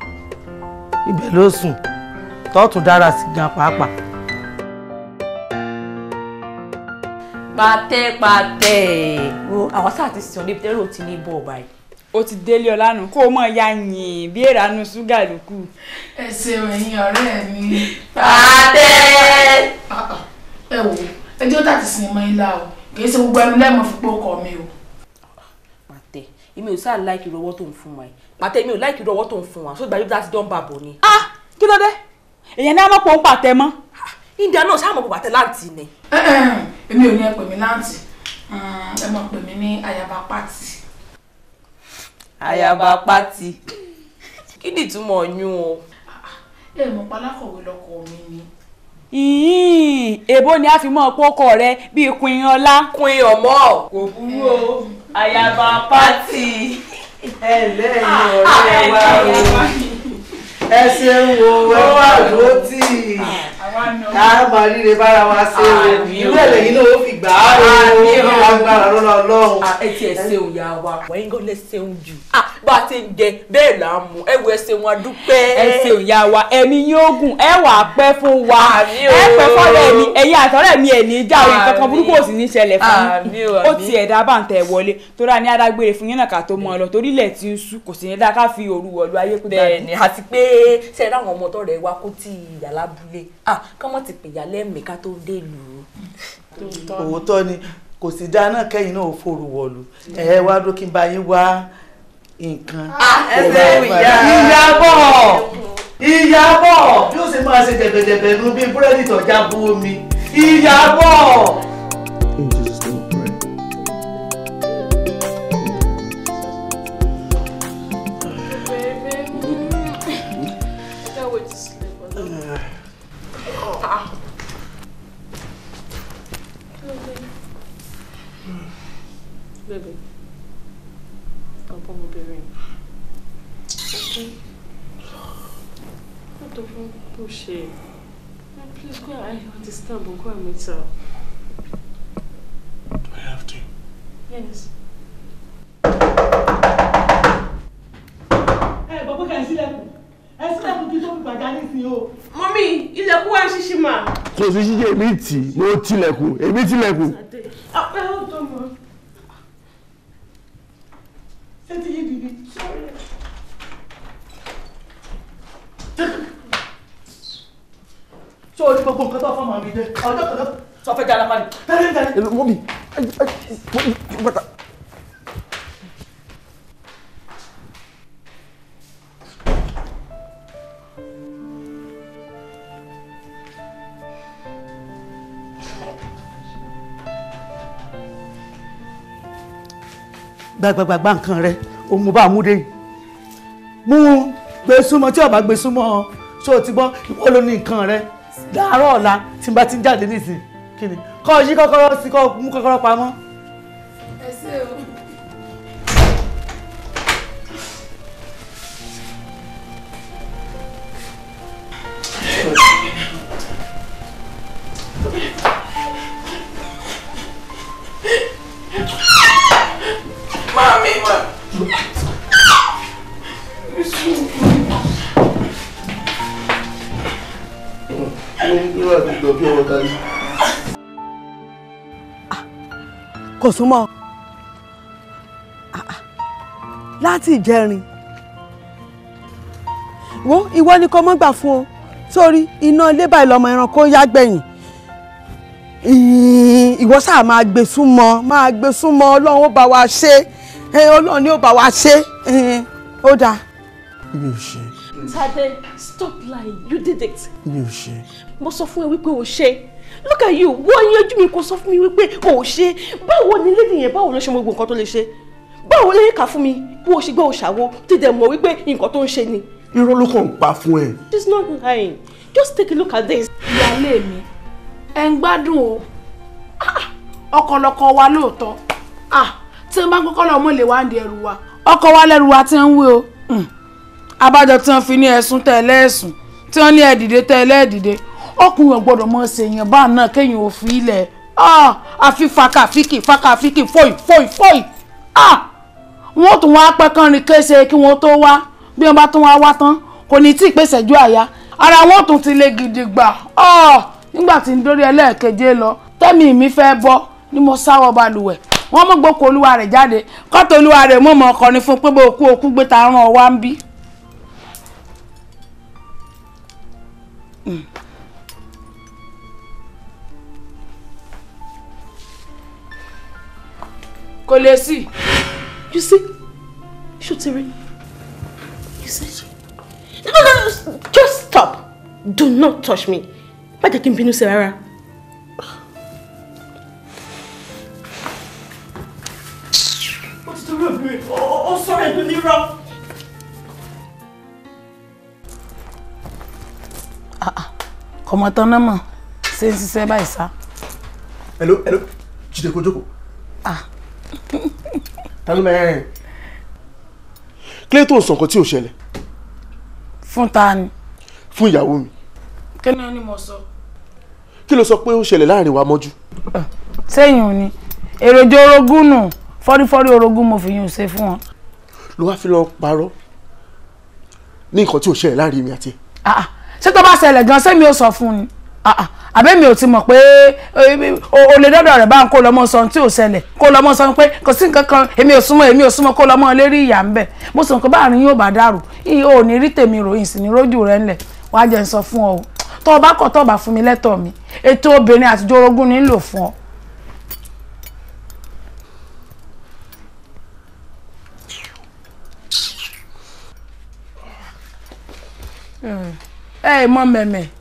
ibẹ̀ ló sùn tọ́tún dára sí gan pàápàá. pàtẹ́pàtẹ́ o àwọn sáà ti sàn níbi tẹ́lẹ̀ ò ti ní bọ́ọ̀ báyìí ó ti délé ọ lánàá kó o mọ̀ ya yìn bí èrànú ṣúgà ló kù. ẹ ṣeun ẹ̀yin ọ̀rẹ́ mi. pàtẹ. ẹ wo ẹjọ́ tàti sinimá ilá o kì í ṣe gbogbo ẹnu lẹ́mọ̀ fipá ọkọ mi o èmi ò sáà láìkì irú ọwọ́ tó ń fún wa yìí pàtẹ èmi ò láìkì irú ọwọ́ tó ń fún wa sóògbà yóò dási dán bàbò ni. a ah, kí ló dé èèyàn ní amọ̀pọ̀ ń pàtẹ mọ́. india náà ṣáà mọ̀ pọ̀ pàtẹ láǹtì ni. èmi ò ní ẹ pè mí láǹtì ẹ mọ̀ pè mí ní ayaba pàtì àyàbá pátì kí ni ìtumọ̀ yún o. ẹ mọ̀ pálákọ̀wé lọkọ mi ni. ìyìn èbó ni a fi mọ ọpọkọ rẹ bíi queen ọlá. queen ọmọ kò burú o àyàbá pátì. ẹ lẹ́yìn ọ̀rẹ́ wa o ẹ ṣeun o ẹ wà lótì ká máa ríre bára wa ṣe o ìlú ẹ̀lẹ́yìn náà ó gbà á ah, ní agbára lọ́la ọlọ́run. Ah, ẹ ti ẹ ṣeun ya wa wẹ́n gán lẹ ṣeun jù. Ah, bá a ti ń jẹ bẹ́ẹ̀ là ń mu ẹ wo ẹ ṣeun adúpẹ́. ẹ ṣeun ya wa ẹ̀mí yóò gùn ẹ wà pẹ́ fún wa ẹ pẹ́ fọ́lẹ̀ mi ẹ̀yin àtọ́rẹ́ mi ẹ̀ ní já orin kankan burúkú ò sì ní ṣẹlẹ̀ fún mi ó ti ẹ̀dá bàǹtẹ̀ wọlé torí àní adágbére fún yín náà ká tó mọ ọ lọ torí ilẹ̀ ti ń sú kò sì ní dá fi òru wọ̀lú ayé kú dáadáa. bẹ́ẹ̀ni àti pé ṣe é ọmọ tọrẹ wa kó tí ìyàlá bulé ah kọ́mọ́ ti pèyà lẹ́mìí ká tó dé lù ú òótọ́ ni kò sì dáa náà kẹ́yìn náà ò forù wọ̀lú ẹ wá dó kí n bá yín wá nǹkan. Ah, ẹsẹ̀ ìyàbọ̀ ìyàbọ̀ bí ó ṣe máa ṣe jẹ̀bẹ̀jẹ̀bẹ̀ nu bí búrẹ́dì tó já omi ìyàbọ̀. go and meet her. Do I have to? Yes. Ẹ bọ̀ pé ká ẹ sílẹ̀kùn. Ẹ sílẹ̀kùn kí tó fi pàjá nísìnyí o. Mọ́mí, ilẹ̀kùn wá ṣíṣí mà. Kò sí ṣíṣe èmi tì, mo tilẹ̀kùn, èmi tilẹ̀kùn. Àpẹ́ ah, ó tó mọ̀. Ṣé ti yí bìbí? Sọ́ọ́rẹ́ ṣé o ní gbogbo nǹkan tó fọmọ mi jẹ ọjọ́ kan sọ fẹ́ jára pa ni tẹ́lẹ̀ tẹ́lẹ̀. èmi wọ́n mi wọ́n mi bàtà. gbàgbàgbàgbà nǹkan rẹ òun bá mú dé mú gbèsúmọ tí ọba gbèsúmọ ṣó o ti gbọ́ ìwọ ló ní nǹkan rẹ dàárọ̀ ọ̀la tí n bá ti ń jáde nísìnyí kí ni kọ́ ọ yí kọ́kọ́rọ́ sí kọ́ mú kọ́kọ́rọ́ pamọ́ kò súnmọ́ ah, ah. láti ìjẹrin wo ìwọ ni kò mọ́ gbà fún o sórí iná ilé báyìí lọmọ ẹranko yá gbẹ̀yìn ìwọ sáà máa gbé súnmọ́ máa gbé súnmọ́ ọlọ́run ó bá wa ṣe ọlọ́run ni ó bá wa ṣe ó dáa. mi ò ṣe. Tade stop lying you did it. mi ò ṣe. mo sọ fún ẹ wípé o ṣe look at you wọ́n yanjú mi kó sọ fún mi wípé o ò ṣe báwo ni lady yẹn báwo ló ṣe mọ gbogbo nǹkan tó lè ṣe báwo lè kà fún mi bí o ṣe gbọ́ òṣàwò ti dẹ̀ mọ̀ wípé nǹkan tó ń ṣe ni. irọ́ ló kàn pa fún ẹ. she's not lying just take a look at this. ìyáálé mi ẹ ń gbádùn o ọkọlọkọ wa lóòótọ́ tí wọ́n bá gbọ́kọ́ lọ mọ́ lè wá ń di ẹrù wa ọkọ wa lẹ́rù wa ti ń wé o hmm. abájọ tí wọ́n fi ní ẹ̀sùn tẹ̀lé ẹ̀sùn tí wọ́n ní ẹ̀dìdé tẹ̀lé ẹ̀dìdé ọkùnrin ọ̀gbọ́dọ̀ mọ̀ ṣe èèyàn bá náà kéèyàn ò fi ilẹ̀ àfi fakafiki fakafiki fòì fòì fòì ah, wọ́n tún wá pẹ́ kán rin kése kí wọ́n tó wá bí wọ́n bá tún wá wá tán kò ní tí ì pèsè ju àyà ara wọn tún ti le gidi gbà ah, nígbà tí ń dórí ẹlẹ́ẹ̀keje lọ tẹ́mi mi fẹ́ bọ́ ni mo sáwọ́ balùwẹ̀ wọ́n mọ̀ gbókò olúwa rẹ̀ jáde kọ́tò olúwa rẹ̀ mọ̀ mọ̀ ọkọ̀ni fún pé bó okú gbé ta rán ọ wá ń bí. Hmm. kò lè sí. you see ṣùtìrì you see no no no just stop do not touch me má jẹ́ kí n bínú sí rárá. ó ti torí òbí rẹ̀ ó sọ̀rọ̀ ẹ̀dùn ní rọ. Ah, ah. kọmọ tán náà mọ̀ ṣé ń ṣiṣẹ́ báyìí sá. hello hello jìdẹ̀kọ̀ jókòó. ah ta ló mẹ́rin kílẹ̀ tó ń sọ nǹkan tí ò ṣẹlẹ̀. fún ta ni. fún ìyàwó mi. kí ni ó ní mo sọ. kí ló sọ pé ó ṣẹlẹ̀ láàrin wa mọ́jú. sẹ́yìn ò ní èròjọ orogún nù fọ́rífọ́rí orogún mo fi yún un ṣe fún wọn. ló wáá fi lọ parọ́ ní nǹkan tí ò ṣẹlẹ̀ láàrin mi àti ah, ah. ṣé tó bá ṣẹlẹ̀ gan-an sẹ́mi ò sọ fún ni. Ah, ah. mi ò ti mọ̀ pé eh, o le dọ́dọ̀ ba bá ń kó lọ́mọ sọ tí ò ṣẹlẹ̀ kó lọ́mọ sọ pé kò sí nǹkan kan èmi ò súnmọ́ èmi ò súnmọ́ lérí ìyá ń bẹ̀ mo sì mọ̀ pé báàrin yóò bá ní o mi lẹ́tọ̀ọ́ mi ètò ni fún ọ. Hmm.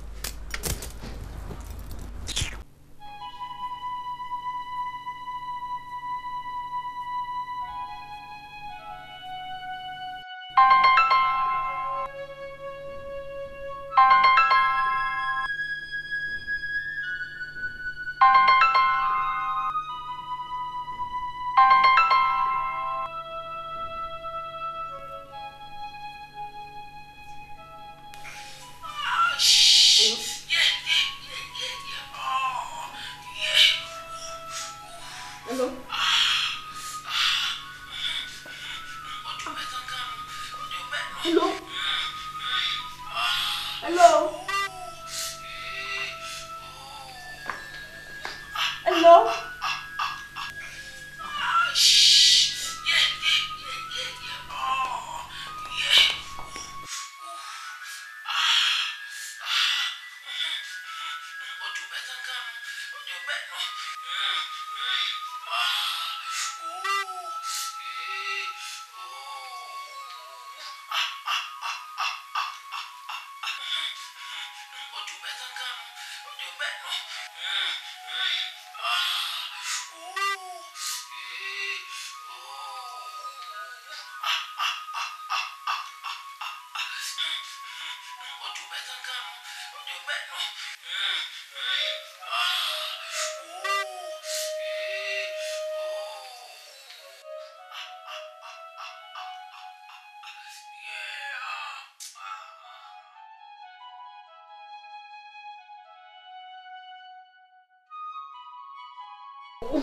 Hello. Ooh.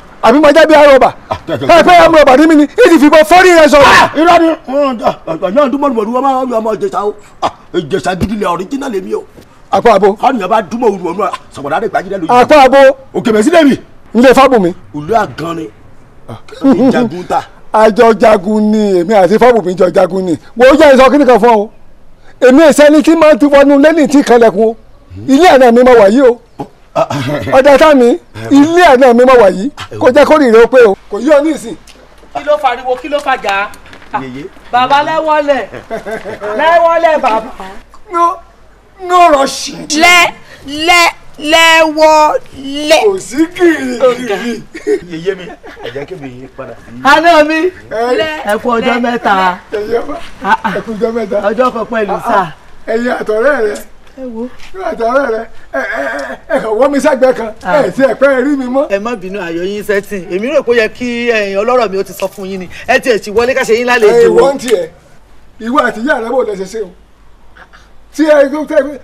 àbí mo jẹ́ bí arọ́bà ah, ẹ fẹ́ amú rọ̀bà ní mi ni ìdí fi bọ́ fọ́rí rẹ sọ̀rọ̀. Ah, irọ́ ni ọ̀nà dúmọ̀lùmọ̀lù wọn máa ń lu ọmọ ìjẹsà o ah, ìjẹsà gidi lẹ ọ̀ríjínà lèmi o. àpò àbò. káàní yàrá dúmọ̀ òru ọ̀nà sọ̀gbọ̀dá rẹ̀ gbajúdẹ̀ lójú. àpò àbò. òkè mẹ́sí lèmi. n lè fábùmí. ìlú àgàn ni ìjagun ta. àjọ jagun ni èmi àti fábùmí jọ jagun ni wo jẹ́ ìsọ kí nìkan fún ọ èmi ìsẹ́ni tí máa ti wọnú lẹ́nìí tí kanlẹ̀kùn ilé àná mi máa wà yìí o Ah. ọ̀dà sámi ilé ẹ̀ náà mi mọ̀ wàyí kò jẹ́ kó rìnrìn ó pé o kò yí ọ ní ìsìn. kí ló fariwo kí ló fàjà ah, bàbá lẹ́wọ́lẹ̀ lẹ́wọ́lẹ̀ bàbá. no no rush. lẹ lẹ lẹ́wọ́ lẹ. kò sí kìrìkìrì. yèyé mi ẹ̀jẹ̀ kí mi padà sí. àná mi ẹ kú ọjọ́ mẹ́ta. ẹ̀yẹ́ bá ah, ẹ kú ọjọ́ mẹ́ta. ọjọ́ kan pẹ̀lú sáà. ẹ̀yin àtọ̀rẹ́ rẹ ẹ wo. àtàwọn rẹ ẹ ẹ ẹ kàn wọ́n mi sẹ́gbẹ́ kan ah. ẹ ti ẹ̀ pẹ́ rí mi mọ́. ẹ má bínú ayọ̀ yín sẹ́tìn èmi rò pé ó yẹ kí ẹ̀yin ọlọ́rọ̀ mi ó ti sọ fún yín ni ẹ tiẹ̀ ti wọlé ká ṣe yín lálejò. ẹ wọ́n tiẹ̀ ìwọ àti ìyá rẹ wò lẹ́sẹ̀ ṣe o tí ẹ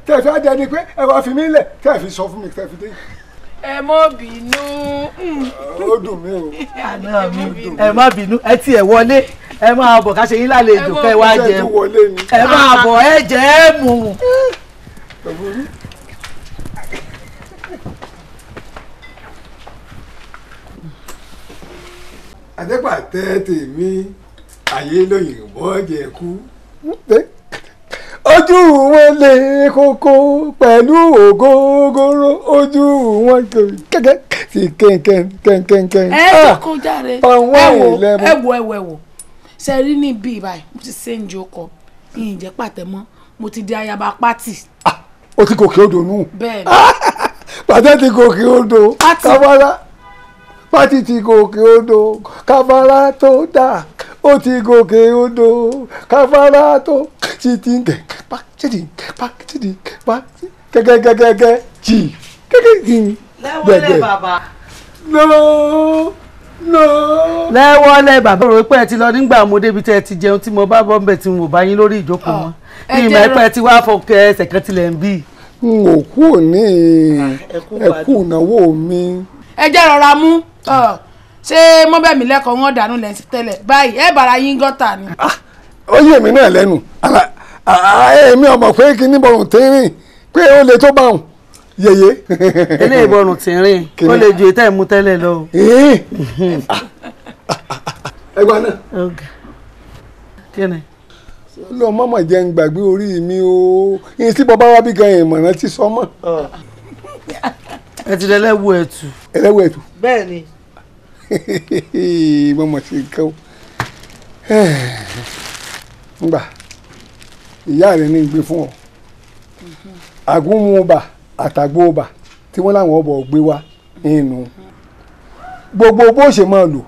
tẹ fẹ́ dẹni pé ẹ wá fi mí lẹ̀ tẹ fi sọ fún mi tẹ fi dé ẹ mọ bínú. ó dùn mí o. àná mi ẹ má bínú ẹ tiẹ̀ wọlé ẹ máa bọ̀ ká ṣe yín lálejò kẹ́ wá jẹ ẹ máa bọ̀ ẹ jẹ́ ẹ mú kò burú. àjẹpàtẹ tèmi àyè lóyìn bọ́ọ̀jẹ̀ kú. ojú wọn lè kókó pẹ̀lú ògógóró ojú wọn kẹ̀kẹ́ sí ken ken ken ken. jáde ẹ wo ẹ wo ewo wo ẹ wo ṣe rí níbi ìbáyìí mo ti ṣe ń jókòó ìyìn jẹ́ pàtẹ́ mo ti di ayaba pátì. O ti gòkè odò nù. bẹ́ẹ̀ni. pàtẹ́ ti gòkè odò kábàárà pàtí ti gòkè odò kábàárà tó dà ó ti gòkè odò kábàárà tó ti ti ń kẹ pa ti ti pa ti ti pa kẹkẹkẹkẹ jì kẹkẹ jì. lẹ́wọ́lẹ́ bàbá. no no lẹ́wọ́lẹ́ bàbá rò pé ẹ ti lọ nígbà mo débi tẹ́ ẹ ti jẹun tí mo bá bọ́ bẹ̀ tí mo bá yín lórí ìjókòó mọ́ ní ìmọ̀ ẹ̀pẹ́ ti wá fọkẹ́ ẹsẹ̀ kan tilẹ̀ ń bì. n ò kú òní ẹ̀kú ìnáwó mi. ẹ jẹ́ rọra mú ṣé mọ́bẹ̀mí lẹ́kọ̀ọ́ wọn dànù lẹ́sìn tẹ́lẹ̀ báyìí ẹ bàrà yín gọ́tà ni. Ah, ó yé mi náà lẹ́nu èmi ọmọ pé kí ní bọ̀rùn tẹ́rìn pé ó lè tó báwọn yẹyẹ. ilé ìbọ̀rùn tẹ́rìn ó lè ju ètò ìmú tẹ́lẹ̀ lọ. ẹgbà náà. ọ̀gá kíni. lọ mọ́mọ́ jẹ́ ń gbàgbé orí mi o yín sí bọ́bá wá bí gan ìmọ̀ràn ti sọ mọ́. ẹ ti dẹ ẹlẹ́wọ̀ ẹ̀tù. ẹlẹ́wọ̀ ẹ̀tù. bẹ́ẹ̀ ni. mọ́mọ́ ṣe nǹkan o. ngbà ìyá rẹ̀ ní gbé fún ọ àgúnmùbà àtàgbòbà tí wọ́n láwọn ọbọ̀ gbé wá nínú gbogbo bó ṣe máa lò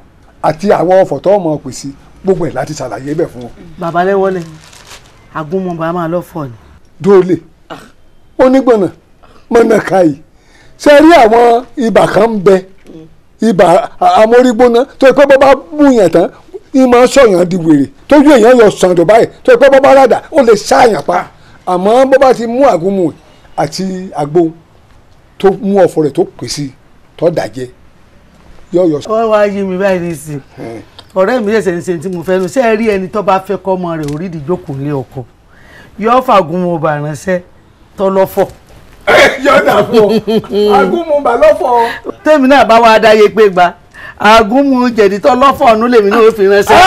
àti àwọn ọ̀fọ̀ tó mọ̀ pè sí gbogbo ẹ̀ láti ṣàlàyé bẹ̀ fún ọ. bàbá lẹ́wọ́ lẹ agúnmọ̀bà máa lọ́fọ̀ ni. dóòlè ah. onígbọ̀nà mọ̀nàkàyì ṣe rí àwọn ibà kan ń bẹ mm. ibà amórígbóná tó ipẹ́ bọ́ bá búyàn tán ìmọ̀ sọ̀yàn di wèrè tójú èèyàn yọ sàǹdọ̀ báyìí tó ipẹ́ bọ́ bá rádà ó lè ṣáàyàn pa àmọ́ bọ́ bá ti mú àgúnmu àti àgbo tó mú ọ̀fọ̀ rẹ̀ tó pèsè tó dàjẹ́ yọ yọ. ọwọ́ wa yí mi báyìí ní sí ọ̀rẹ́ mi ṣẹ̀ṣẹ̀ ń ṣe tí mo fẹ́ nu ṣé ẹ rí ẹni tó bá fẹ́ kọ́ ọmọ rẹ̀ orídìí jókòó lé ọkọ yọ fàgùn mo bà ránṣẹ́ tọ́lọ́fọ̀. yọ̀dà fún ọ agúnmọ̀bà lọ́fọ̀. tèmi náà bá wa dáyé pé gba agúnmu jẹ̀dítọ́ lọ́fọ̀ ọ̀nù lèmi náà ó fi ránṣẹ́.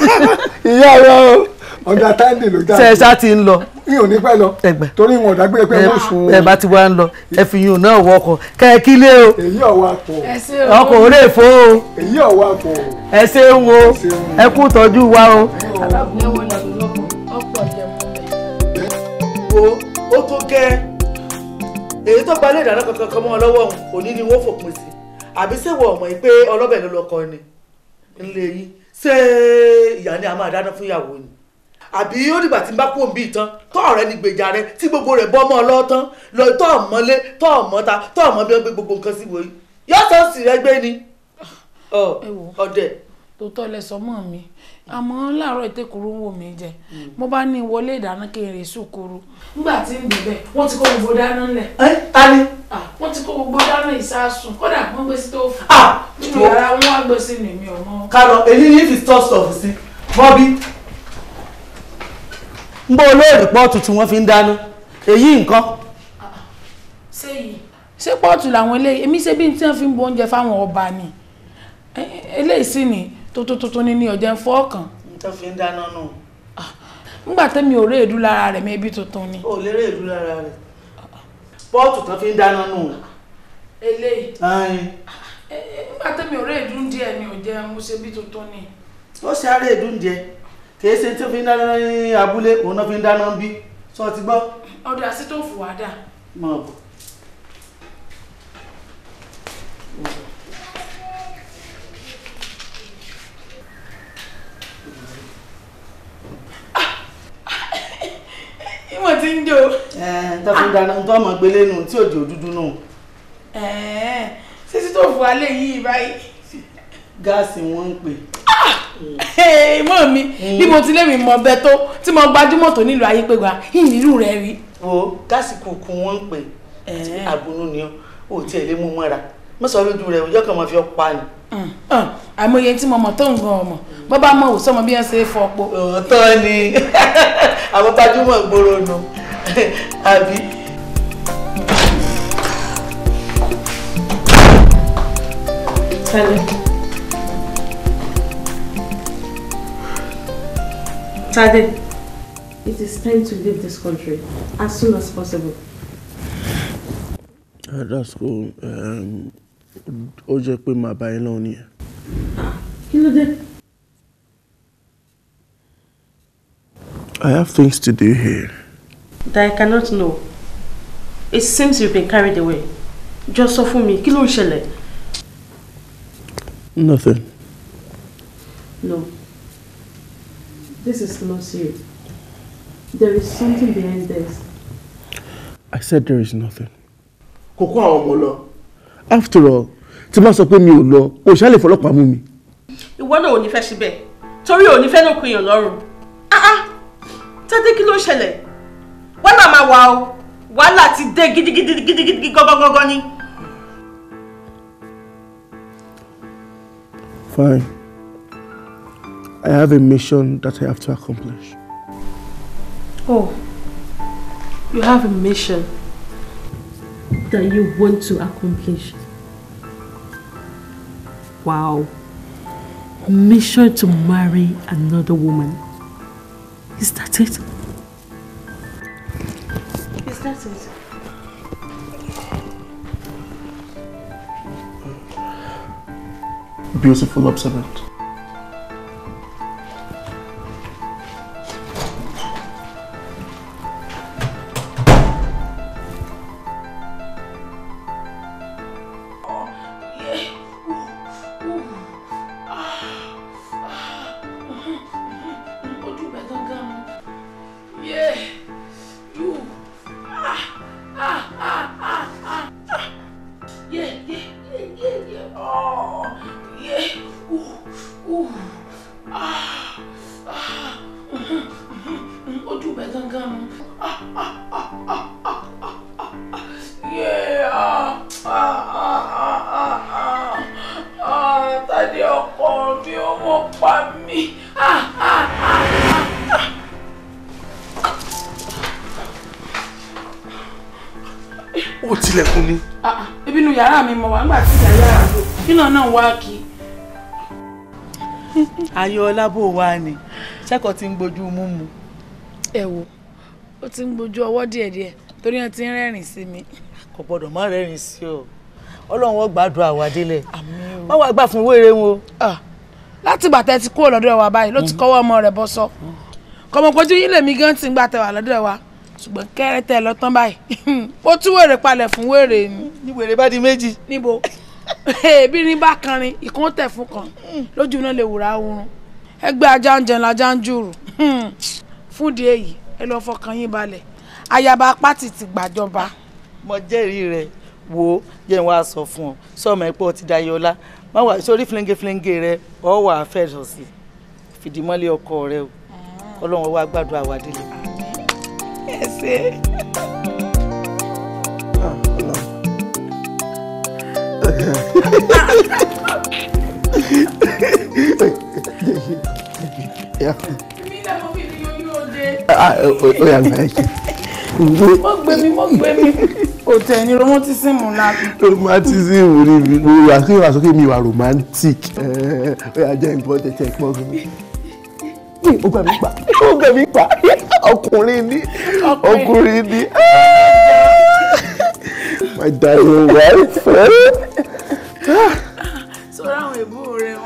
ìyá rẹ o ọ̀gá táǹdì ló dá. sẹ́ẹ̀sá ti ń lọ mi ò ní pẹ́ lọ torí wọn ò dágbére pé wọ́n sùn. ẹ bá ti wá ń lọ ẹ fi yun náà wọ ọkọ kẹ́ẹ̀kí lé o. èyí ọ̀wọ́ àpò. ọkọ̀ ò lè fò o. èyí ọ̀wọ́ àpò. ẹ ṣeun o ẹ kú tọ́jú wa o. o ó tó kẹ́ èyí tó balẹ̀ ìdáná kankan kan mọ́ ọ lọ́wọ́ òní ni wọ́n fòpin sí àbí ṣèwọ̀ ọ̀mọ̀ yìí pé ọlọ́bẹ̀ ló lọ́kọ ni ńlẹ̀ yìí ṣé ìyá ni a máa dáná fún ìyàwó ni àbí ó dìgbà tí n bá kú òǹbí tán tọ́ ọ̀rẹ́ ni gbèjà rẹ tí gbogbo rẹ̀ bọ́ ọmọ ọlọ́tán lọ tọ́ ọmọlé tọ́ ọmọta tọ́ ọmọ bí wọ́n gbé gbogbo nǹkan sí wòye yóò tó sì rẹ gbé ni ọdẹ. tòótọ́ lẹ sọ mọ́ mi àmọ́ láàárọ̀ ìtẹ́kùrú ń wò mí jẹ mo bá ní wọlé ìdáná kí n rè sùkúrú. nígbà tí ń bẹ̀bẹ̀ wọ́n ti kó gbogbo dáná ńlẹ̀. ẹ ta ni. wọ́n ti kó gbogbo dáná ìsásùn kódà wọ́n gbé sí tófù. nínú yàrá wọn wá gbé sí ni mi ò mọ. kálọ̀ èyí ní fi stop stop sí bọ́bí ń bọ́ olóòrì pọ́ọ̀tù tí wọ́n fi ń dáná èyí nǹkan. ṣé pọ́ọ̀tù làwọn eléyìí èmi ṣe bí n tí wọ́n fi ń bo oúnjẹ fáwọn ọba ni eléyìí sì ni tótótótó ní ní ọ̀jẹ̀ fọ́ọ̀kan. tó fi ń dáná nù. Ah, nígbà tẹ́mi ò rí èédú lára rẹ̀ mẹ́bí tuntun ni. ò lérè èédú lára rẹ̀ pọ́ọ̀tù kan fi ń dáná nù. eléyìí ah, nígbà tẹ́mi ò rí èédú díẹ̀ ni ọ̀jẹ̀ mo ṣe bí tuntun ni. ó ṣe àárẹ̀ kì í ṣe tí ó fi ń dáná ní abúlé òun náà fi bí sọ ti gbọ́. ọ̀dọ̀ àti tó fò wá dà. Ah! ìmọ̀ tí ń jò. tó fi ń dáná tó ọmọ gbélé nù tí òjò dúdú nù. ṣé títò fún alẹ́ yìí báyìí. gáàsì wọn ń pè. Ah! mọ́ mi bí mm. mo ti lé mi mọ bẹ tó tí mo gbajúmọ̀ tó nílùú ayé pé gba ìnílù rẹ rí. wo gáàsì kùkù wọn ń pè àbùnú ni ó tiẹ̀ lé mú mọ́ra mo sọ lójú rẹ òjọ́ kan mo fi ọ́ pa ni mm. ah, àmọye tí mo mọ̀ tó ń gan ọmọ bọ́ bá mọ̀ òsọ́mọ bí wọ́n ṣe fọ ọ̀pọ̀. òótọ́ ni àwọn gbajúmọ̀ gbòòrò nù àbí. Hello. Tade, it is time to leave this country as soon as possible. Uh, that's cool. Um, ó jẹ́ pé màá bá yín lọ́wọ́ nìyẹn. Ah, kí ló dé? I have things to do here. That I cannot know. It seems you've been carried away. Just sọ fún mi, kí Nothing. No. This is not you. There is something behind this. I said there is nothing. Kò kó After all, tí bá sọ pé mi ò lọ, o ṣá lè fọlọ́pàá mú mi. Ìwọ náà ò ní fẹ́ síbẹ̀, torí ò ní fẹ́ ló pinyàn lọ́rùn. Ah, ah. Tádé kí ló ń ṣẹlẹ̀? Wàhálà máa wà o, wàhálà ti dé gidigidi gọ́gọ́gọ́gọ́ Fine. I have a mission that I have to accomplish. Oh, you have a mission that you want to accomplish. Wow. Mission to marry another woman. Is that it? Is that it? Beautiful observant. ó tilẹ̀kùn ni. ibi ah, ah, inú yàrá mi mo wà nígbà tí ìyá yàrá mi nínú náà wá kí. ayọ̀ọ́lá bò wá ni ṣẹ́kọ̀ọ́ ti ń gbójú múmu. ẹ wo ó ti ń gbójú ọwọ́ díẹ̀díẹ̀ torí wọn ti ń rẹ́rìn sí mi. kò gbọdọ̀ má rẹ́rìn sí ọ ọlọ́run ó gbàdúrà wa délẹ̀ má wàá gbà fún wéré wọn. Ah, láti bàtẹ́ ti kúrò lọ́dọ̀ wa báyìí ló ti kọ́wọ́ ọmọ rẹ̀ bọ́ sọ mm. kọmọkojú yín lèmi gan ti ń gbàtẹ́ wà lọ́dọ̀ wa ṣùgbọ́n kẹ́rẹ́tẹ́ lọ tán báyìí ó tún wèrè palẹ̀ fún wèrè ni. ní wèrè bá di méjì. níbo ebi eh, ní bá kanrin ìkún tẹ̀ fún kan lójú náà lè wùrà oorun ẹgbẹ́ ajá ń jẹun lajá ń jùrù fún ìdí èyí ẹ lọ fọkàn yín balẹ̀ ayaba pátì ti gbàjọba. mo jẹ́rìí rẹ̀ wo jẹ́ wàá sọ fún ọ sọ́ọ̀mù ẹ̀pọ̀ ti dayọ̀ ọlá má wà sórí fúlẹ́ńgẹ́fúlẹ́ńgẹ́ rẹ ọ̀ wà fẹ́ràn sí fìdímọ́lé ọkọ rẹ o mm. ọlọ́run wá gbàdúrà wá délé ẹsẹ̀. Ah, mo gbé mi mo gbé mi kò tẹ̀ ní romanticism náà. romanticism ni mi wà sókè mi wà romantic eh, ó yà jẹ́ important tẹ̀tẹ̀ pọ́n mi ó gbà mí pa ó gbà mí pa ọkùnrin ni ọkùnrin ni ah! my darling wife. sọ̀rọ̀ àwọn èbú rẹ̀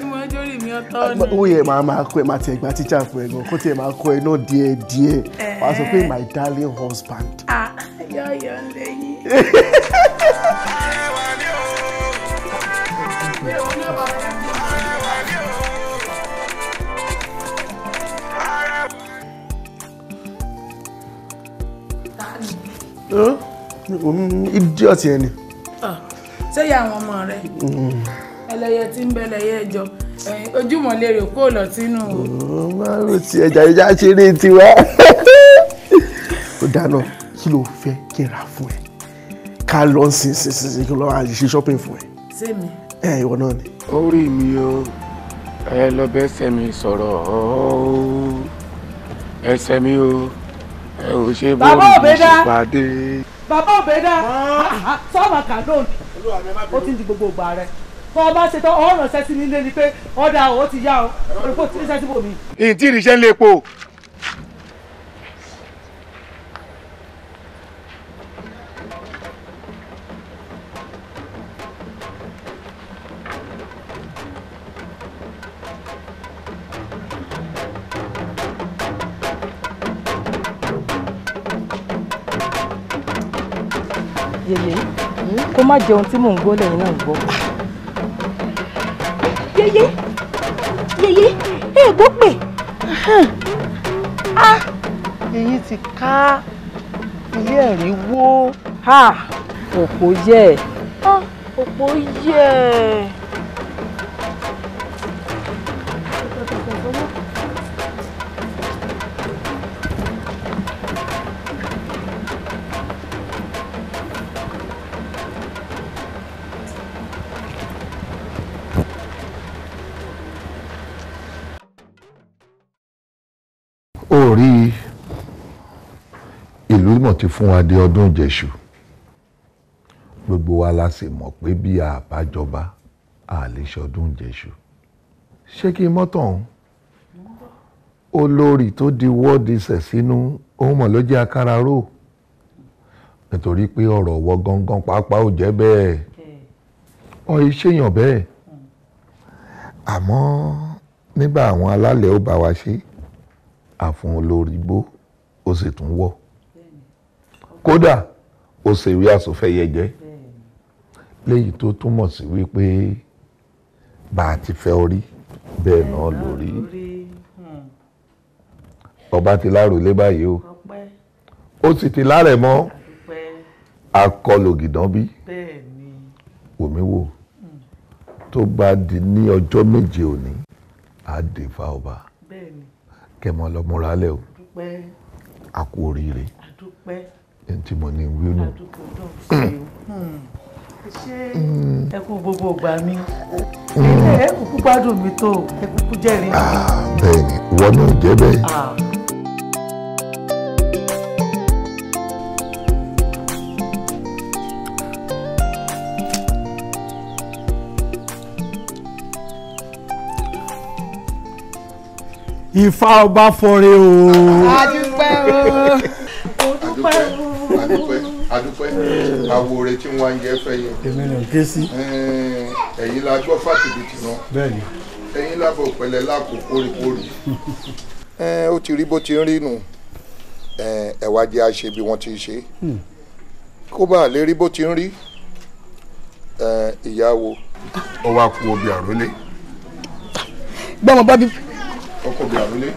ni wọ́n jó rí mi ọ̀tọ̀ ah, ni. ó yẹ máa máa kọ ẹ máa tiẹ̀ gba tíjà fún ẹ gan kó tiẹ̀ máa kọ ẹ náà díẹ̀ díẹ̀ wàá eh. sọ pé my darling husband. Ah, yọ̀ yọ̀ lẹ́yìn. Ah, idiot yẹn ni. ṣé ìyá àwọn ọmọ rẹ mm. ẹlẹ́yẹ tí ń bẹ lẹ́yẹ ẹjọ́ ojúmọ́ lè rè kó lọ sínú. máa ń retí ẹja ẹja ṣeré tiwa. ó dáná kí ló fẹ́ kí n ra fún ẹ ká lọ sin sin sin kí n lọ ṣe shopping fún ẹ. sẹ́mi. ẹ ìwọ náà ni. orí mi o ẹ lọ bẹ́sẹ̀ mi sọ̀rọ̀ ẹsẹ̀ mi o o ṣe bó mi ṣe pàdé. bàbá òbẹ́dá sọ́ọ̀mà kàndóòn ó ti ń di gbogbo ògbà rẹ̀ bọ́ ọba ṣe tán ọ̀rọ̀ ṣẹ́sí nílé ni pé ọ̀dà ó ti yá o olùkó ti ń ṣẹ́sí bò mí. ìtì ìrìṣẹ́ ń lè po má jẹun tí mò ń gbọ́ lẹ́yìn náà gbọ́. yeye yeye èèbó pè. èyí ti ká ilé ẹ̀rí wó. òpó yẹ. òpó yẹ. ìmọ̀ ti fún wa dé ọdún ìjẹ̀ṣù gbogbo wa la sì mọ̀ pé bí a bá jọba a lè ṣọdún ìjẹ̀ṣù ṣé kí mọ́tò ọ̀hún olórí tó di wọ́ọ̀dì sẹ̀ sínú òun mọ̀ ló jẹ́ akára ró nítorí pé ọ̀rọ̀ wọ gangan pàápàá ò jẹ́ bẹ́ẹ̀ ọ ìṣèyàn bẹ́ẹ̀ àmọ́ nígbà àwọn alálẹ̀ ó bá wa ṣe àfún olórí gbó ó sì tún wọ̀ kódà ó ṣe ìwé àsọfẹ́yẹjẹ léyìí tó túmọ̀ sí wípé bá a ti fẹ́ orí bẹ́ẹ̀ náà lórí ọba ti láròlé báyìí o ó sì ti lárẹ̀ mọ́ akọlògìdán bí omi wò tó bá di ní ọjọ́ méje òní á dé ọba kẹmọ lọ múra o a oríire ẹni tí mo ní wí nù. Hmm. ẹ kú gbogbo ìgbà mi ẹ kú gbádùn mi tó ẹ kú kú ah, bẹ́ẹ̀ ni ìwọ náà jẹ́ bẹ́ẹ̀. Ah. Ifá ọba fọre o. adúpẹ́ o. adúpẹ́ o adúpẹ́ adúpẹ́ àwo rẹ tí wọ́n á jẹ́ fẹ́ yẹ. èmi nà ké sí. ẹ̀yin la gbọ́ fàtìbìtì náà. bẹ́ẹ̀ni. ẹ̀yin lábọ̀ pẹ̀lẹ́ láàkó kórìkórì. ẹ ó ti rí bó ti ń rí nù ẹ wá jẹ́ àṣe bí wọ́n ti ṣe hmm. kó bá lè rí bó ti ń rí ìyàwó. ó wá kú obì àrólé. gbọ́mọ bá bí. ọkọ̀ obì àrólé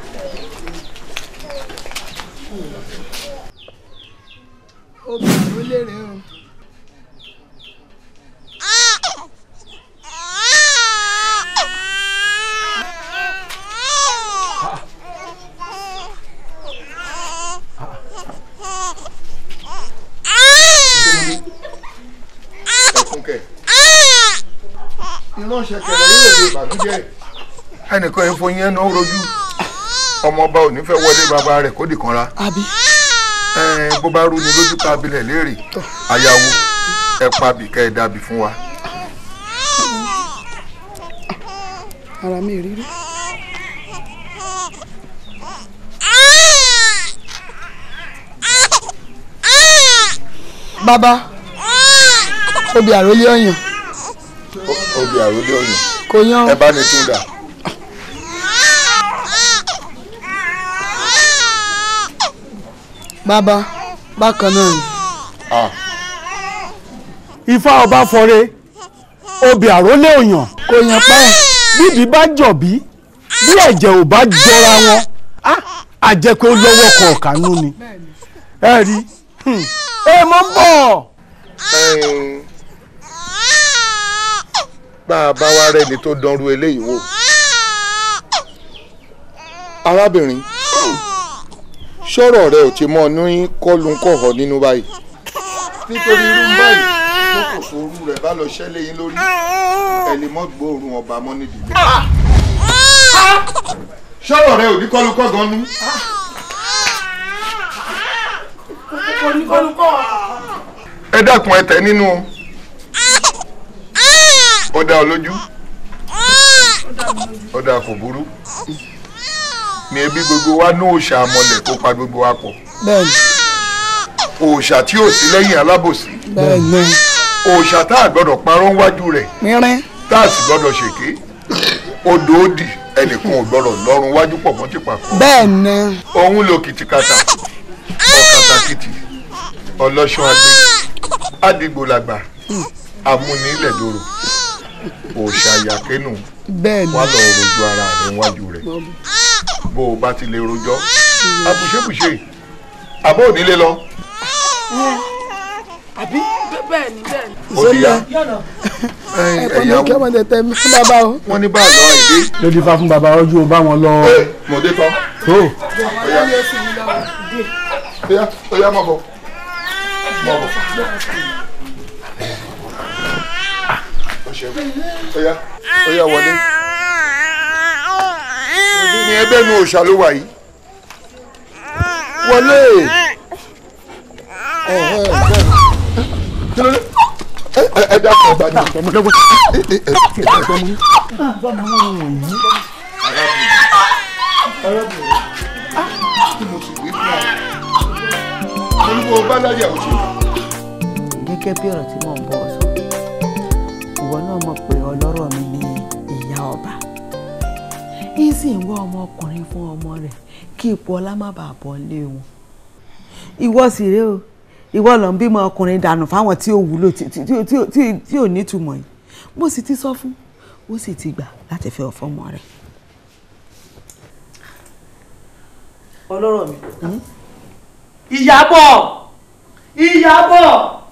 obìnrin ló lérè o. ìránṣẹ́ kẹrẹ yóò lè bàbújẹ́ ẹnìkan ẹ̀fọ́ yẹn náà rojú ọmọ ọba ò ní fẹ́ wọlé bàbá rẹ̀ kó dìkanra. àbí. Eh, bó bá rú ni lójú ta abilẹ̀ léèrè àyàwó ẹ pa bìkẹ́ ẹ dàbí fún wa. ara mi rírí. bàbá obi àròlé ọyàn. obì àròlé ọyàn. kò yan. ẹ bá ní túndà. Baba, bákan náà ni. Ah. ifá ọba fọre obì àrólé òyàn. kò yàn pa ẹ. bíbí bá jọ̀bí bí ẹ̀jẹ̀ ò bá jọra wọn á jẹ́ pé ó kọ̀ọ̀kanú ni ẹ rí hmm, ẹ mọ̀ ń bọ̀. bá a bá wá rẹ́ni tó dánrú eléyìí wò arábìnrin sọ̀rọ̀ rẹ ò ti mọ ní kọlùkọ̀họ̀ nínú báyìí nítorí irú báyìí tó kò sóoru rẹ̀ bá lọ ṣẹlẹ̀ yín lórí ẹ lè mọ́ gbóòórùn ọba mọ́ nídìí. sọ̀rọ̀ rẹ ò ní kọlùkọ̀ gan nú. ẹ dákun ẹ tẹ nínú ó dá ọ kò burú ni ẹbí gbogbo wa ní òòṣà àmọ̀lẹ̀ tó pa gbogbo wa pọ̀ òòṣà tí ò sí lẹ́yìn alábòsí òòṣà tá a gbọ́dọ̀ parọ́ wájú rẹ̀ tá a sì gbọ́dọ̀ ṣèké odò òdì ẹnìkan ò gbọ́dọ̀ lọ́rùn wájú pọ̀ mọ́ ti pàkọ́. bẹ́ẹ̀ni. òun lo kìtìkàtà ọ̀kàtàkìtì ọlọ́ṣọ́ adé adigbolagbà hmm. amúnilẹ̀dọ̀rọ̀ òòṣà ìyàkẹ́nù wà lọ rojú ara rẹ níwájú rẹ bó o bá ti lè rojọ́ àbùṣebùṣe àbó ò nílé lọ. àbí bẹ́ẹ̀ ni ó ti ẹ̀yà kí ọmọdé tẹ mi fún bàbá o. wọ́n ní báà lọ àìdé. ló dífá fún bàbá ojú o bá wọn lọ. mọ̀dé tán. tó. ó yá ó yá mọ̀ bọ̀ mọ̀ bọ̀. ṣẹ́gun ọ̀yá ọ̀yá wọlé ojú ni ẹgbẹ́ nu òòṣà ló wà yìí wọlé ẹ dákun ẹ gbàdúrà gẹ́gẹ́ bí ọ̀rọ̀ tí mo sì ń wá ọmọkùnrin fún ọmọ rẹ̀ kí ipò ọlá má bàa bọ́ lé wọn. ìwọ sì rèé o ìwọ ló ń bímọ ọkùnrin dànù fáwọn tí ò wúlò tí ò nítumọ̀ yìí mo sì ti sọ fún ó sì ti gbà láti fẹ́ ọ̀fọ́mọ rẹ̀. ọlọ́rọ̀ mi ìyàbọ̀ ìyàbọ̀.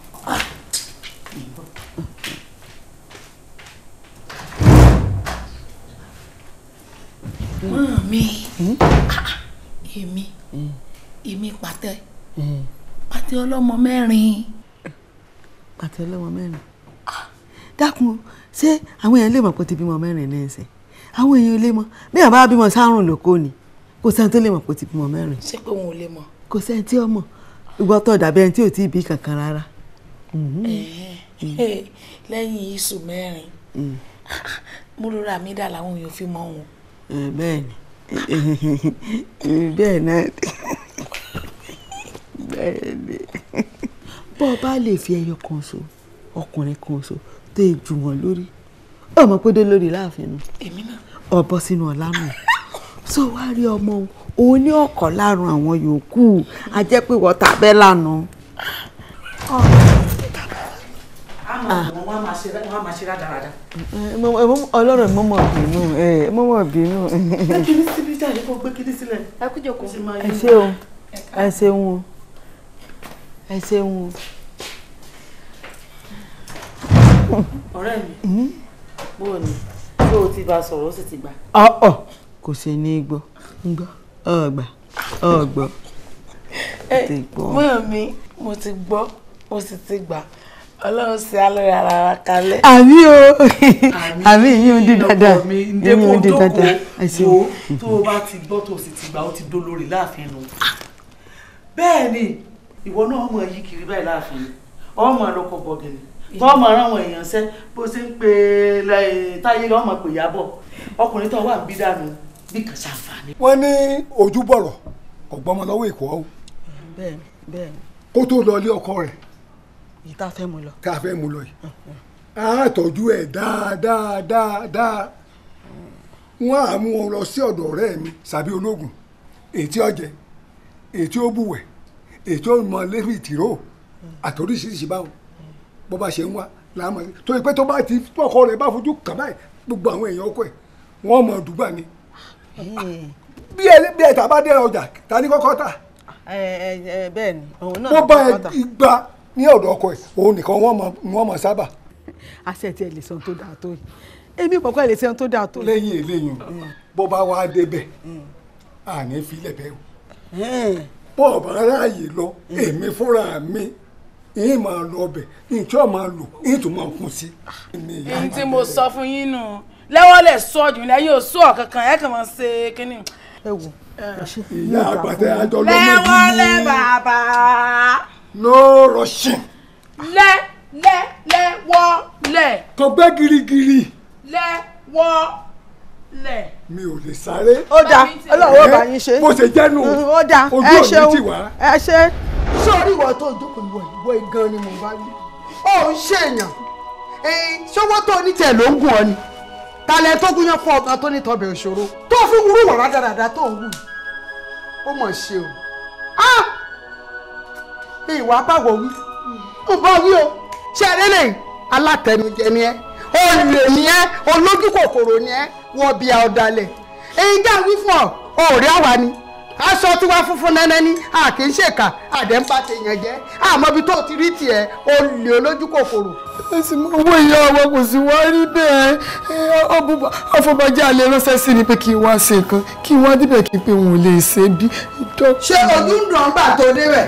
mọ́ mi hmm? èmi hmm. èmi pàtẹ hmm. pàtẹ ọlọ́mọ mẹ́rin. pàtẹ ọlọ́mọ mẹ́rin ah. dákun ṣé àwọn èèyàn lè mọ̀ pé ti bímọ mẹ́rin ní ẹsẹ̀ àwọn èèyàn lè mọ̀ bí àbá bímọ sárùn lóko ni kò sẹ́ni tó lè mọ̀ pé ti bímọ mẹ́rin. ṣé pé òun ò lè mọ̀. kò sẹ́ni tí ó mọ̀ ìwọ tó dàbí ẹni tí ò tí ì bí kankan rárá. Mm-hmm. Eh, eh, lẹ́yìn iṣu mẹ́rin mm. mo rọra mi dà láwọn èèyàn fi mọ òun bẹ́ẹ̀ni bẹ́ẹ̀ náà bẹ́ẹ̀ni. bọ́ ọ bá lè fi ẹyọ kan so ọkùnrin kan so tó e jù wọ́n lórí ọmọ pédé lórí láàfin nu ọbọ sínú ọ̀la nù so wá rí ọmọ òun ní ọkọ̀ láàrùn àwọn yòókù a jẹ́ pé wọ́n tàbẹ́ lánàá. Ah. Ah. wọ́n á máa ṣe rádaràda. Mm, mm, mm, ọlọ́run mọ́mọ́ bínú eh, mọ́mọ́ bínú. ẹ kí ni síbi jáde kó gbé kí ni sílẹ̀. ẹ kú jòkó. ẹ ṣeun ẹ ṣeun o ẹ ṣeun o. ọ̀rẹ́ mi bóò ni tó o ti bá a sọ̀rọ̀ ó sì ti gbà. ọ̀ọ̀ ah, oh, kò ṣe ní gbọ́ gbọ́ ọ̀gbà ọ̀gbọ́. ẹ mọ̀ mi mo ti gbọ́ mo sì ti gbà ọlọ́run sí alóra ara wa kalẹ̀. àmì o àmì yín ń di dáadáa yín ń di dáadáa ẹ̀sìn. wo tó o bá ti gbọ́ tó o sì ti gbà ó ti dolórí láàfin nù. bẹ́ẹ̀ ni ìwọ náà ọmọ yìí kiri báyìí láàfin ni ọmọ lóko bọ̀gìnì tọ́mọ rán àwọn èèyàn sẹ́ bó ṣe ń pe e, táyé lọ́mọ pè yábọ̀ ọkùnrin tó wà ń bí dànù bí kàn ṣàǹfààní. wọ́n ní ojú bọ̀rọ̀ ọ̀gbọ́n ọmọ lọ́wọ́ èkó ọ́ kó tó lọ ilé ọkọ rẹ̀ yìí tá a fẹ́ mu lọ. tá a fẹ́ mu lọ yìí a tọ́jú ẹ̀ dáadáa dáadáa wọ́n á mú wọn lọ sí ọ̀dọ̀ ọ̀rẹ́ mi sàbí ológun ètí ọ̀jẹ̀ ètí òbúwẹ̀ ètí ọmọ lẹ́fì tìró àtòríṣiríṣi báwọn bó bá ṣe ń wá làámọ̀ torí pé tó bá ti tọkọ rẹ̀ bá fojú kàbá ẹ̀ gbogbo àwọn èèyàn ọkọ ẹ̀ wọ́n mọ̀ dùgbà ni bí ẹ bí ẹ tà bá dé ọjà ta ní kọ́kọ́ tà. bẹ́ẹ̀ ni òun náà ní kọ́kọ́ tà. mo bá ẹ gbà ní ọ̀dọ̀ ọkọ ẹ̀ òun nìkan wọ́n mọ̀ sábà. àṣẹ tiẹ̀ lè sọ tó dáa tó yìí èmi kọ̀ọ̀kọ́ lè sẹ́yìn tó dáa tó. lẹ́yìn eléyìn bó bá wá débẹ̀ àní filẹ̀ bẹ́ẹ̀ o bó ọba aráàyè lọ mm. èmi fúnra mi yín máa lọ ọbẹ̀ ìjọ máa lò yín tún máa kún sí. èyí tí mo sọ fún yín nù lẹ́wọ́ lẹ̀ sọ jù lẹ́yìn òsú ọ̀kankan ẹ̀ kàn máa ṣe kínní. ẹ wò ìyá àgbàdo àjọ lọ́mọdé. lẹ́wọ́ lẹ́ bàbá no rushing. lẹ lẹ lẹ wọ lẹ. kò gbẹ́ girigiri. lẹ wọ lẹ. mi ò lè sáré. ó dáa ọlọ́run ọba yín ṣe. bó ṣe jẹ́nu ojú òní ti wá. ẹ ṣe. sórí ìwà tó jókòó ìwọ ìwọ gan ni mo bá rí. ó ń ṣèyàn ṣọwọ́ tó ní tiẹ̀ ló ń gùn ọ ni talẹ̀ tó gúnyán fún ọba tó ní tọbẹ̀ òṣòro tó fi wúrú wàrà tó ń wù ó mọ̀ ṣe o. Ah! ìwà báwo wí ń bá wí o ṣé ẹ lélẹ̀ alátẹnujẹ ni ẹ olè ni ẹ olójú kòkòrò ni ẹ wọ́n bí a ọ̀dàlẹ̀ èyí dá wí fún ọ ọ̀rẹ́ àwa ni aṣọ tiwa funfun nẹ́nẹ́ ni a kì í ṣèkà àdẹ́ńbà tèèyàn jẹ́ àmọ́ ibi tó ti rí tiẹ̀ olè olójú kòkòrò. èsì owó ìyá wa kò sí wá rí bẹ́ẹ̀ ọ̀fọ̀bàjẹ́ alẹ́ ránṣẹ́ sí ni pé kí n wá ṣe nǹkan kí n wá débẹ̀ kí n pé òun ò lè ṣe bí. ṣé ojú ń dùn ọ́n gbà tó débẹ̀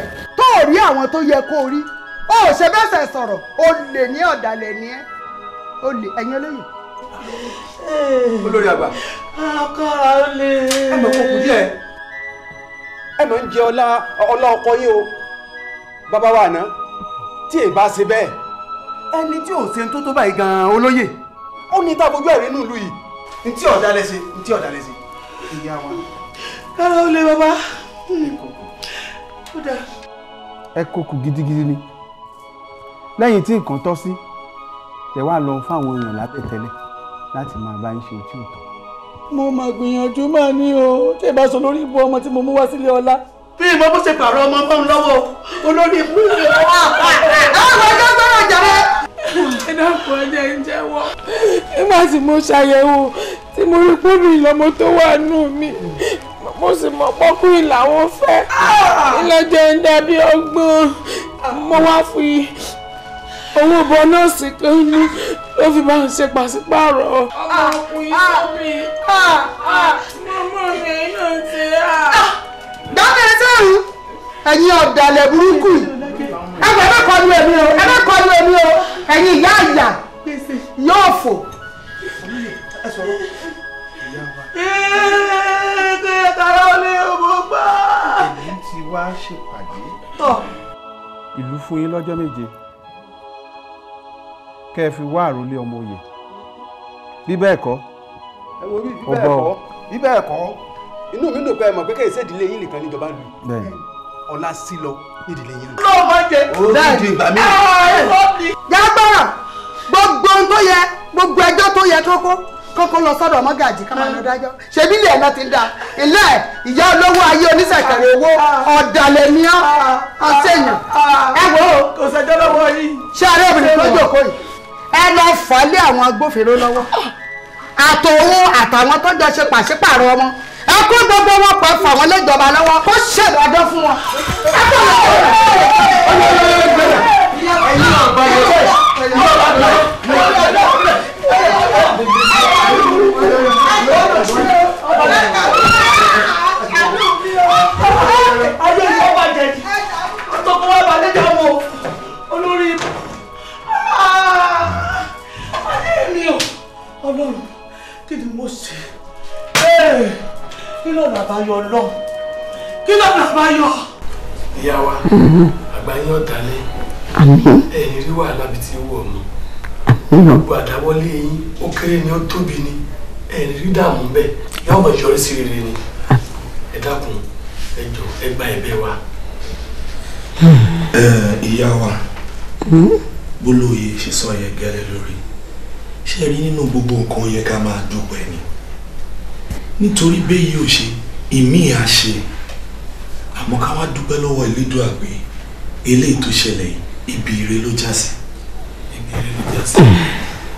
ò rí àwọn tó yẹ kó rí ó ṣe bẹ́sẹ̀ sọ̀rọ̀ ó lè ní ọ̀dàlẹ̀ ní ẹ́ ó lè ẹ̀yin olóyè. olórí àgbà. akára ó ẹ mọ̀ kókò díẹ̀ ẹ mọ̀ ń jẹ ọlá ọlá ọkọ yín o bàbá wa àná tí èèbá ṣe bẹ́ẹ̀ ẹni tí ò ṣe ń tó tó báyìí gan-an olóyè ó ní tá a fojú ẹ̀rí nílùú yìí ntí ọ̀dàlẹ̀ ṣe ntí ọ̀dàlẹ̀ ṣe ìyá wa. kára ó bàbá. ó dáa ẹ kókù gidigidi ni lẹ́yìn tí nǹkan tọ́ sí ẹ wá lọ fáwọn èèyàn lábẹ́tẹ́lẹ̀ láti máa bá ń ṣe tí ò tọ́. mo máa gbìyànjú máa ní o tí ì bá sọ lórí ibú ọmọ tí mo mú wá sílé ọlá. bí ìmọ̀ bó ṣe pààrọ̀ ọmọ mọ́ ń lọ́wọ́ olórí ibú ìlú ọwọ́ àwọn ọjọ́ gbọ́dọ̀ jẹ́wọ́. ẹ dákun ẹjẹ ń jẹ́wọ́ nígbà tí mo ṣàyẹ̀wò tí mo rí pé ìlọmọ tó wà nù mí mo sì mọ̀ pọ́kùnrin làwọn fẹ́ ah! ilé jẹ́ ń dàbí ọgbọ́n ah! mo wá fi owó bọ nọ́ọ̀sì tó ní ló fi máa ń ṣe pàṣípààrọ̀. ọmọkùnrin sọ́bì ah! mọ́mọ́ mi náà ti rà. dábẹ́ sẹ́yìn ẹ̀yin ọ̀dàlẹ̀ burúkú ẹ bẹ̀ kọ́ ní èmi o ẹ kọ́ ní èmi o ẹ̀yin ìyá àyà yóò fò ètè tara ó lé ọmọ gbà. èyí ti wá ṣèpàdé. ìlú fún yín lọ́jọ́ méje kẹ́ ẹ fi wá àròlé ọmọ òye bí bẹ́ẹ̀ kọ́ ó bọ̀ ọ́ bí bẹ́ẹ̀ kọ́ inú mi dùn pé ẹ mọ̀ pé kẹ́ ẹ ṣe ìdílé yín nìkan níjọba lù ọ̀la sí lọ nídìílé yín. lọ́wọ́ máa jẹ dáàdì ìgbà mi. yàgbọ́n gbogbo tó yẹ gbogbo ẹjọ́ tó yẹ tó kó kókó lọ sọ́dọ̀ mọ́gàjì ká máa lọ dájọ́ ṣebí ilé ẹ̀ náà ti ń da ilé ẹ̀ ìyá olówó ayé oníṣẹ̀kẹ̀rẹ̀ owó ọ̀dàlẹ̀ ni ọ́ ọ̀sẹ̀yìn ẹ wò kò sẹ́jọ́ lọ́wọ́ yìí ṣé àárẹ̀ obìnrin tó jòkó yìí ẹ lọ fà lé àwọn agbófinró lọ́wọ́ àtòun àtàwọn tó jọ ṣe pàṣípààrọ̀ ọmọ ẹ kó gbogbo wọn pẹ́ fà wọ́n lẹ́jọba lọ́wọ́ kó ṣèdájọ́ fún wọn. ẹ kó lọ sí ọ̀rọ̀ ẹ̀yìn ọ̀gbọ̀n yìí ayé ìwọ bàjẹ́ jì àtọkọ wa balẹ̀ jà wọ olórí ayé mi o ọlọ́run kí ni mo ṣe kí lọ́nà àbáyọ ọlọ́run kí lọ́nà àbáyọ. ìyá wa àgbà yín ọ̀dàlẹ̀ ẹ̀yìn rí wàhálà bíi ti wọ̀ mí gbogbo àdáwọ́lé yín ó kéré ni ó tóbi ni ẹ rí dààmú bẹ́ẹ̀ yóò máa yọrí sí rere ni ẹ dákun ẹ jọ ẹ gba ẹ̀bẹ̀ wa. ìyá wa hmm? bólóye ṣe sọ yẹn gẹ́lẹ́ lórí ṣe rí nínú gbogbo nǹkan yẹ ká máa dúpẹ́ ni nítorí bẹ́ẹ̀ yóò ṣe ìmíì á ṣe àmọ́ ká wá dúpẹ́ lọ́wọ́ Elédùà pé eléyìí tó ṣẹlẹ̀ ibi ire ló já ibi ire ló já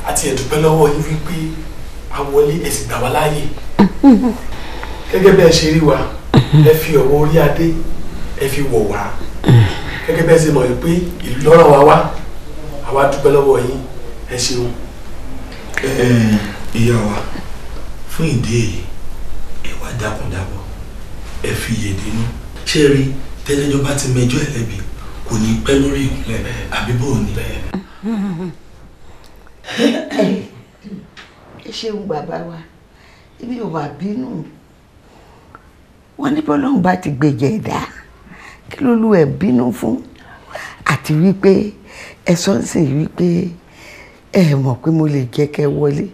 àti ẹ̀dúpẹ́ lọ́wọ́ yín wípé a wọlé ẹ sì gbà wá láàyè gẹ́gẹ́ bẹ́ẹ̀ ṣe rí wa ẹ fi ọ̀wọ́ orí adé ẹ fi wọ̀ wá gẹ́gẹ́ bẹ́ẹ̀ ṣe mọ̀ pé ìlú lọ́rọ̀ wa wá àwa dúpẹ́ lọ́wọ́ yín ẹ ṣeun. ìyá wa fún ìdí èyí ẹ wá dákúndábọ̀ ẹ fi yèdè nú ṣé rí tẹ́lẹ́jọ́ bá ti mẹjọ́ ẹ̀ lẹ́bi kò ní pẹ́ lórí ìkúnlẹ̀ àbí ní. ẹ ṣeun bàbá wa èmi ò wà bínú wọn ní bọ́lọ́hún bá ti gbèjà ẹ̀dá kí ló lu ẹ̀ bínú fún àti wípé ẹ sọ ń sìn wípé ẹ mọ̀ pé mo lè jẹ́ kẹ́ wọlé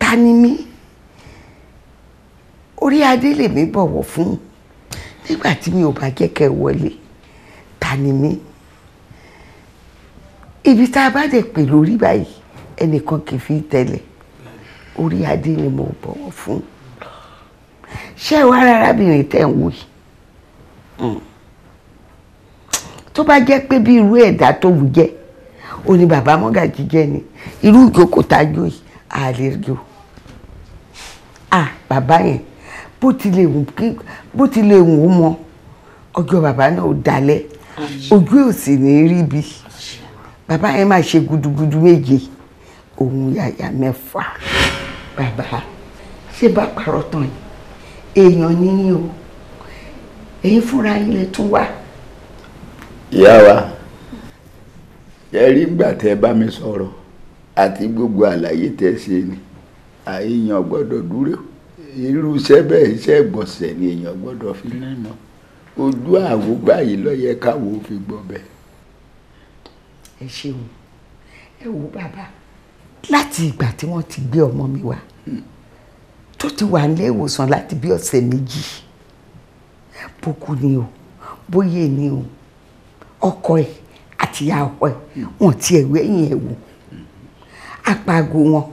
ta ni mí orí adé lèmi bọ̀wọ̀ fún nígbà tí mi ò bá jẹ́ kẹ́ wọlé ta ni mí ibi tá a bá dẹ̀ pè lórí báyìí ẹnìkan kì í fi tẹ̀lé orí adé ni mo bọ̀wọ̀ fún ṣé ìwà arábìnrin tẹ̀ ń wò yìí hmm. tó bá jẹ́ pé bí irú ẹ̀dá tó wù jẹ́ ó ní bàbá mọ́gàjì jẹ́ ni irú ìjókòó tá yìí a lè jó ah bàbá yẹn bó tilẹ̀ wù kí bó tilẹ̀ wù ú mọ ọjọ́ bàbá náà ó dalẹ̀ ojú ò sì ní rí bi bàbá yẹn máa ṣe gudugudu méje òun yàyà mẹ́fà bàbá ṣé bá parọ́ tán ni èèyàn níyìn o ẹ̀yin fúnra yín lè tún wá. ìyá wa ẹ rí gbà tẹ bá mi sọ̀rọ̀ àti gbogbo àlàyé tẹ ṣe ni àìyàn gbọ́dọ̀ dúró irú iṣẹ́ bẹ́ẹ̀ iṣẹ́ ìgbọ̀nsẹ̀ ni èèyàn gbọ́dọ̀ fi nímọ̀ ojú àwo báyìí ló káwo fi gbọ́ ẹ ṣeun ẹ wo bàbá láti ìgbà tí wọ́n ti gbé ọmọ mi wá tó ti wà nílé ìwòsàn láti bí ọ̀sẹ̀ méjì bókú ni o bóyè ni o ọkọ ẹ̀ àtìyá ọkọ ẹ̀ wọ́n ti ẹ̀wé ẹ̀yìn ẹ̀ wò apàgò wọn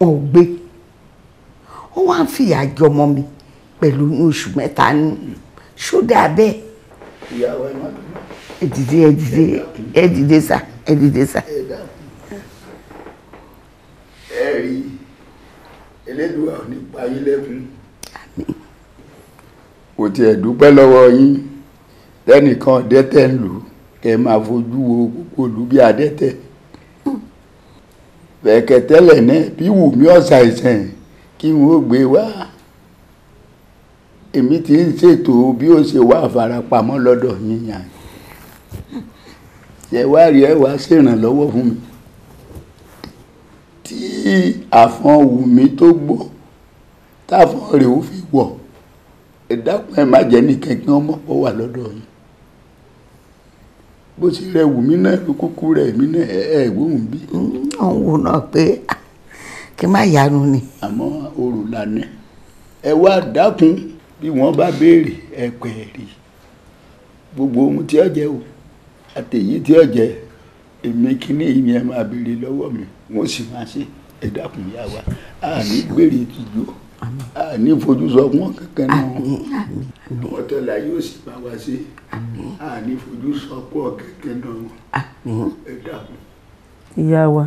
wọn ò gbé ó wá ń fìyà jẹ ọmọ mi pẹ̀lú oṣù mẹ́ta ní ṣódà bẹ́ẹ̀. ìyàwó ẹ má dùn. ẹ dìde ẹ dìde ẹ dìde sá ẹ dìde sá. ẹ dáhùn rí Elédùà ò ní pa yín lẹ́kún kò tiẹ̀ dúpẹ́ lọ́wọ́ yín tẹ́nìkan dẹ́tẹ̀ ń lò kẹ́ máa fojú wo gbogbo ìlú bí adẹ́tẹ̀ bẹ̀ẹ̀kẹ́ tẹ́lẹ̀ náà bí Wùmí Ọ̀sàìsàn kí wọ́n gbé wá èmi ti ń ṣètò bí ó ṣe wá àfarapamọ́ lọ́dọ̀ yín yàn ṣẹ̀wá rí ẹ wá ṣèrànlọ́wọ́ fún mi tí àfọn Wùmí tó gbó táfọn rẹ̀ ó fi wọ̀ ẹ dákun ẹ má jẹ́ nìkan kí wọ́n mọ̀pọ̀ wà lọ́dọ̀ yìí bó ti rẹ Wùmí náà ló kúkú rẹ mí náà ẹ gbóhùn bí. àwọn wo náà pé kí n má yanu ni. àmọ́ oòrùn lànà ẹ wá dákun bí wọ́n bá béèrè ẹ pẹ̀ẹ́rì gbogbo ohun tí ó jẹ́ o àtẹ̀yí tí ó jẹ́ o èmi kíní yìí ẹ máa béèrè lọ́wọ́ mi wọ́n sì máa ṣe ẹ yá wa a ní gbèrè tìjú a ní fojú sọkún kankan náà wọn tọ́lá yóò sì bá wa ṣe a ní fojú sọkún kankan náà ẹ dákun. ìyá wa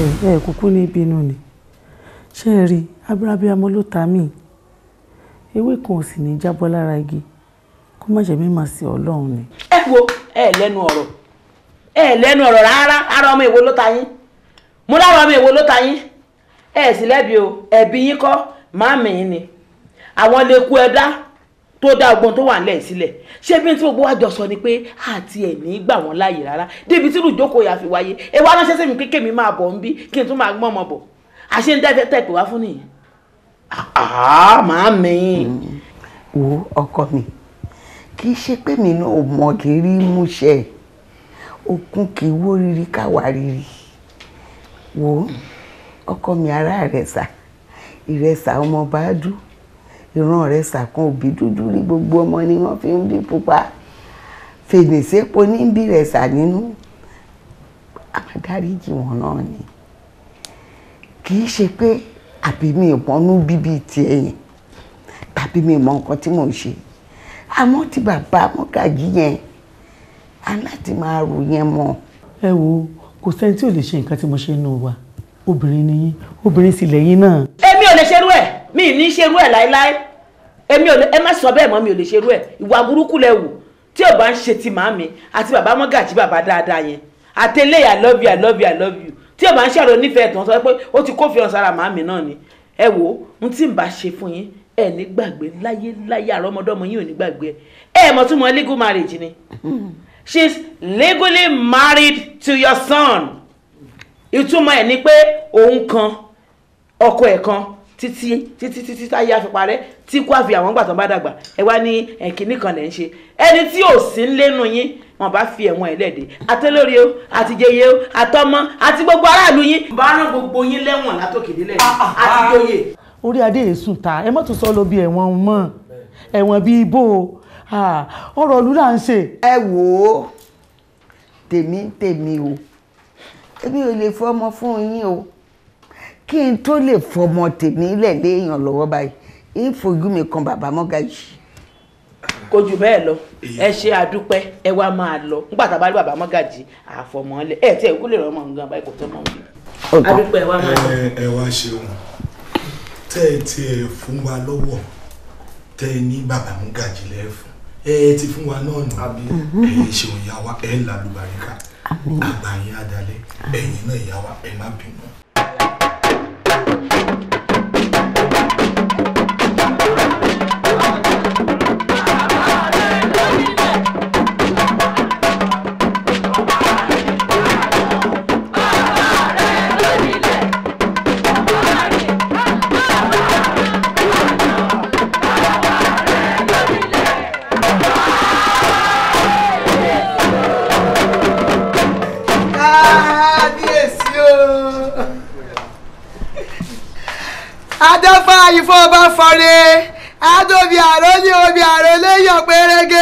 ẹ ẹ kúkú ní ìbínú ni ṣé ẹ rí abúrábíàmọ ló ta mí ewé kan ò sì ní jábọ́ lára igi kó má ṣe mí máa sí ọlọ́run ni. ẹ wo ẹ lẹ́nu ọ̀rọ̀ ẹ lẹ́nu ọ̀rọ̀ rárá ara ọmọ èwo ló ta yín mo lára ọmọ èwo ló ta yín ẹ sì lẹ́bi o ẹ̀bi yín kọ́ máàmì yín ni àwọn lè kú ẹ̀dá tó dá ọgbọ́n tó wà nílẹ̀ sílẹ̀ ṣé bí tí gbogbo wa jọ sọ ni pé àti ẹ̀mí gbà wọ́n láàyè rárá débi tí ìrùjókòó yà fi wáyé ẹ wá ránṣẹ́ sẹ́mi pé kémi máa bọ̀ ń bí kí n tún máa gbọ́n ọmọ bọ̀ àṣé ń dẹ́fẹ́ tẹ̀ pé wá fún nìyẹn. màámi. wo ọkọ mi kì í ṣe pé mi ò mọ kì í rí mú ṣe é okun kì í wó riri káwa riri wò ó ọkọ mi ara rẹ̀ sà ìrẹsà ọmọ bá dú ìran rẹ̀ sàkún òbí dúdú rí gbogbo ọmọ ni wọ́n fi ń bí pupa fèrèsé po ní bí rẹ̀ sà nínú àmàdáríjì wọn náà ni kì í ṣe pé àbí mi ò mọ́nú bíbí ti ẹ̀yìn tàbí mi ò mọ nǹkan tí mò ń ṣe àmọ́ tí bàbá mọ́gàjí yẹn a láti máa rò yẹn mọ́. ẹ wo kò sẹ́ni tí ò lè ṣe nǹkan tí mo ṣe nù wa obìnrin ni yín obìnrin sì lẹ́yìn náà. èmi ò lè ṣerú ẹ mi ì ní ṣerú ẹ láéláé èmi ò lè ẹ má sọ bẹ́ẹ̀ mọ́ mi ò lè ṣerú ẹ ìwà burúkú lẹ wù tí ò bá ń ṣe ti màámi àti bàbá mọ́gàjí bàbá dáadáa yẹn àtẹlẹ́ i love you i love you i love you tí ò bá ń ṣàrò nífẹ̀ẹ́ tó ń sọ pé ó ti kófì ọ̀sán ara màámi náà ni ẹ wo ohun tí n bá ṣe fún yín ẹ ní gbàgbé láyé láyé àrọ́mọdọ́mọ yín ò ní gbàgbé ẹ mọ̀ tún mọ legal marriage ni hmm she's legally married to your son ìtumọ̀ ẹ̀ ni pé òun kan ọkọ ẹ̀ kan títí títí títí táyé àfipárẹ́ tí kò àfi àwọn gbàtàn bá dàgbà ẹ wá ní ẹ̀kíní kan lẹ̀ ń ṣe ẹni tí ò sí ń lẹ́nu yín wọn bá fi ẹ̀wọ̀n ẹ̀lẹ́dẹ̀ àtẹlórí o àtijẹyẹ o àtọmọ àti gbogbo aráàlú yín. bá gbogbo yín lẹ́wọ̀n látòkèdélẹ̀ àti ah, ah, ah. joyè. orí adé èsùn ta ẹ mọ́tò sọ́ ló bí ẹ̀wọ̀n mọ́ ẹ̀wọ̀n bíi bó o ọ̀rọ̀ ìlú là ń ṣe. ẹ wò ó tèmi tèmi o èmi ò lè fọmọ fún yín o kí n tó lè fọmọ tèmi lẹ̀ léèyàn lọ́wọ́ báyìí ìfojú mi kan bàbá mọ́gà yìí. kò jù bẹ́ẹ̀ lọ ẹ ṣe àdúpẹ́ ẹ wá máa lọ nígbà tá a bá rí bàbá mọ́gàjì àfọmọ́lẹ̀ ẹ tí ẹ kú lè rán ọmọ nǹkan báyìí kò tọ́ mọ́ wọn. àdúpẹ́ ẹ wá máa lọ. ẹ wá ṣeun tẹ́ ẹ tiẹ̀ fún wa lọ́wọ́ tẹ́ ẹ ní bàbá mọ́gàjì lẹ́fún ẹ ti fún wa náà nù ẹ̀yin ṣeun ìyá wa ẹ̀ ń la lùbáríkà àgbà yín adalẹ̀ ẹ̀yin náà ìyá wa ẹ̀ má bínú. afọre adóbi àrólé obì àrólé yọ pérégé.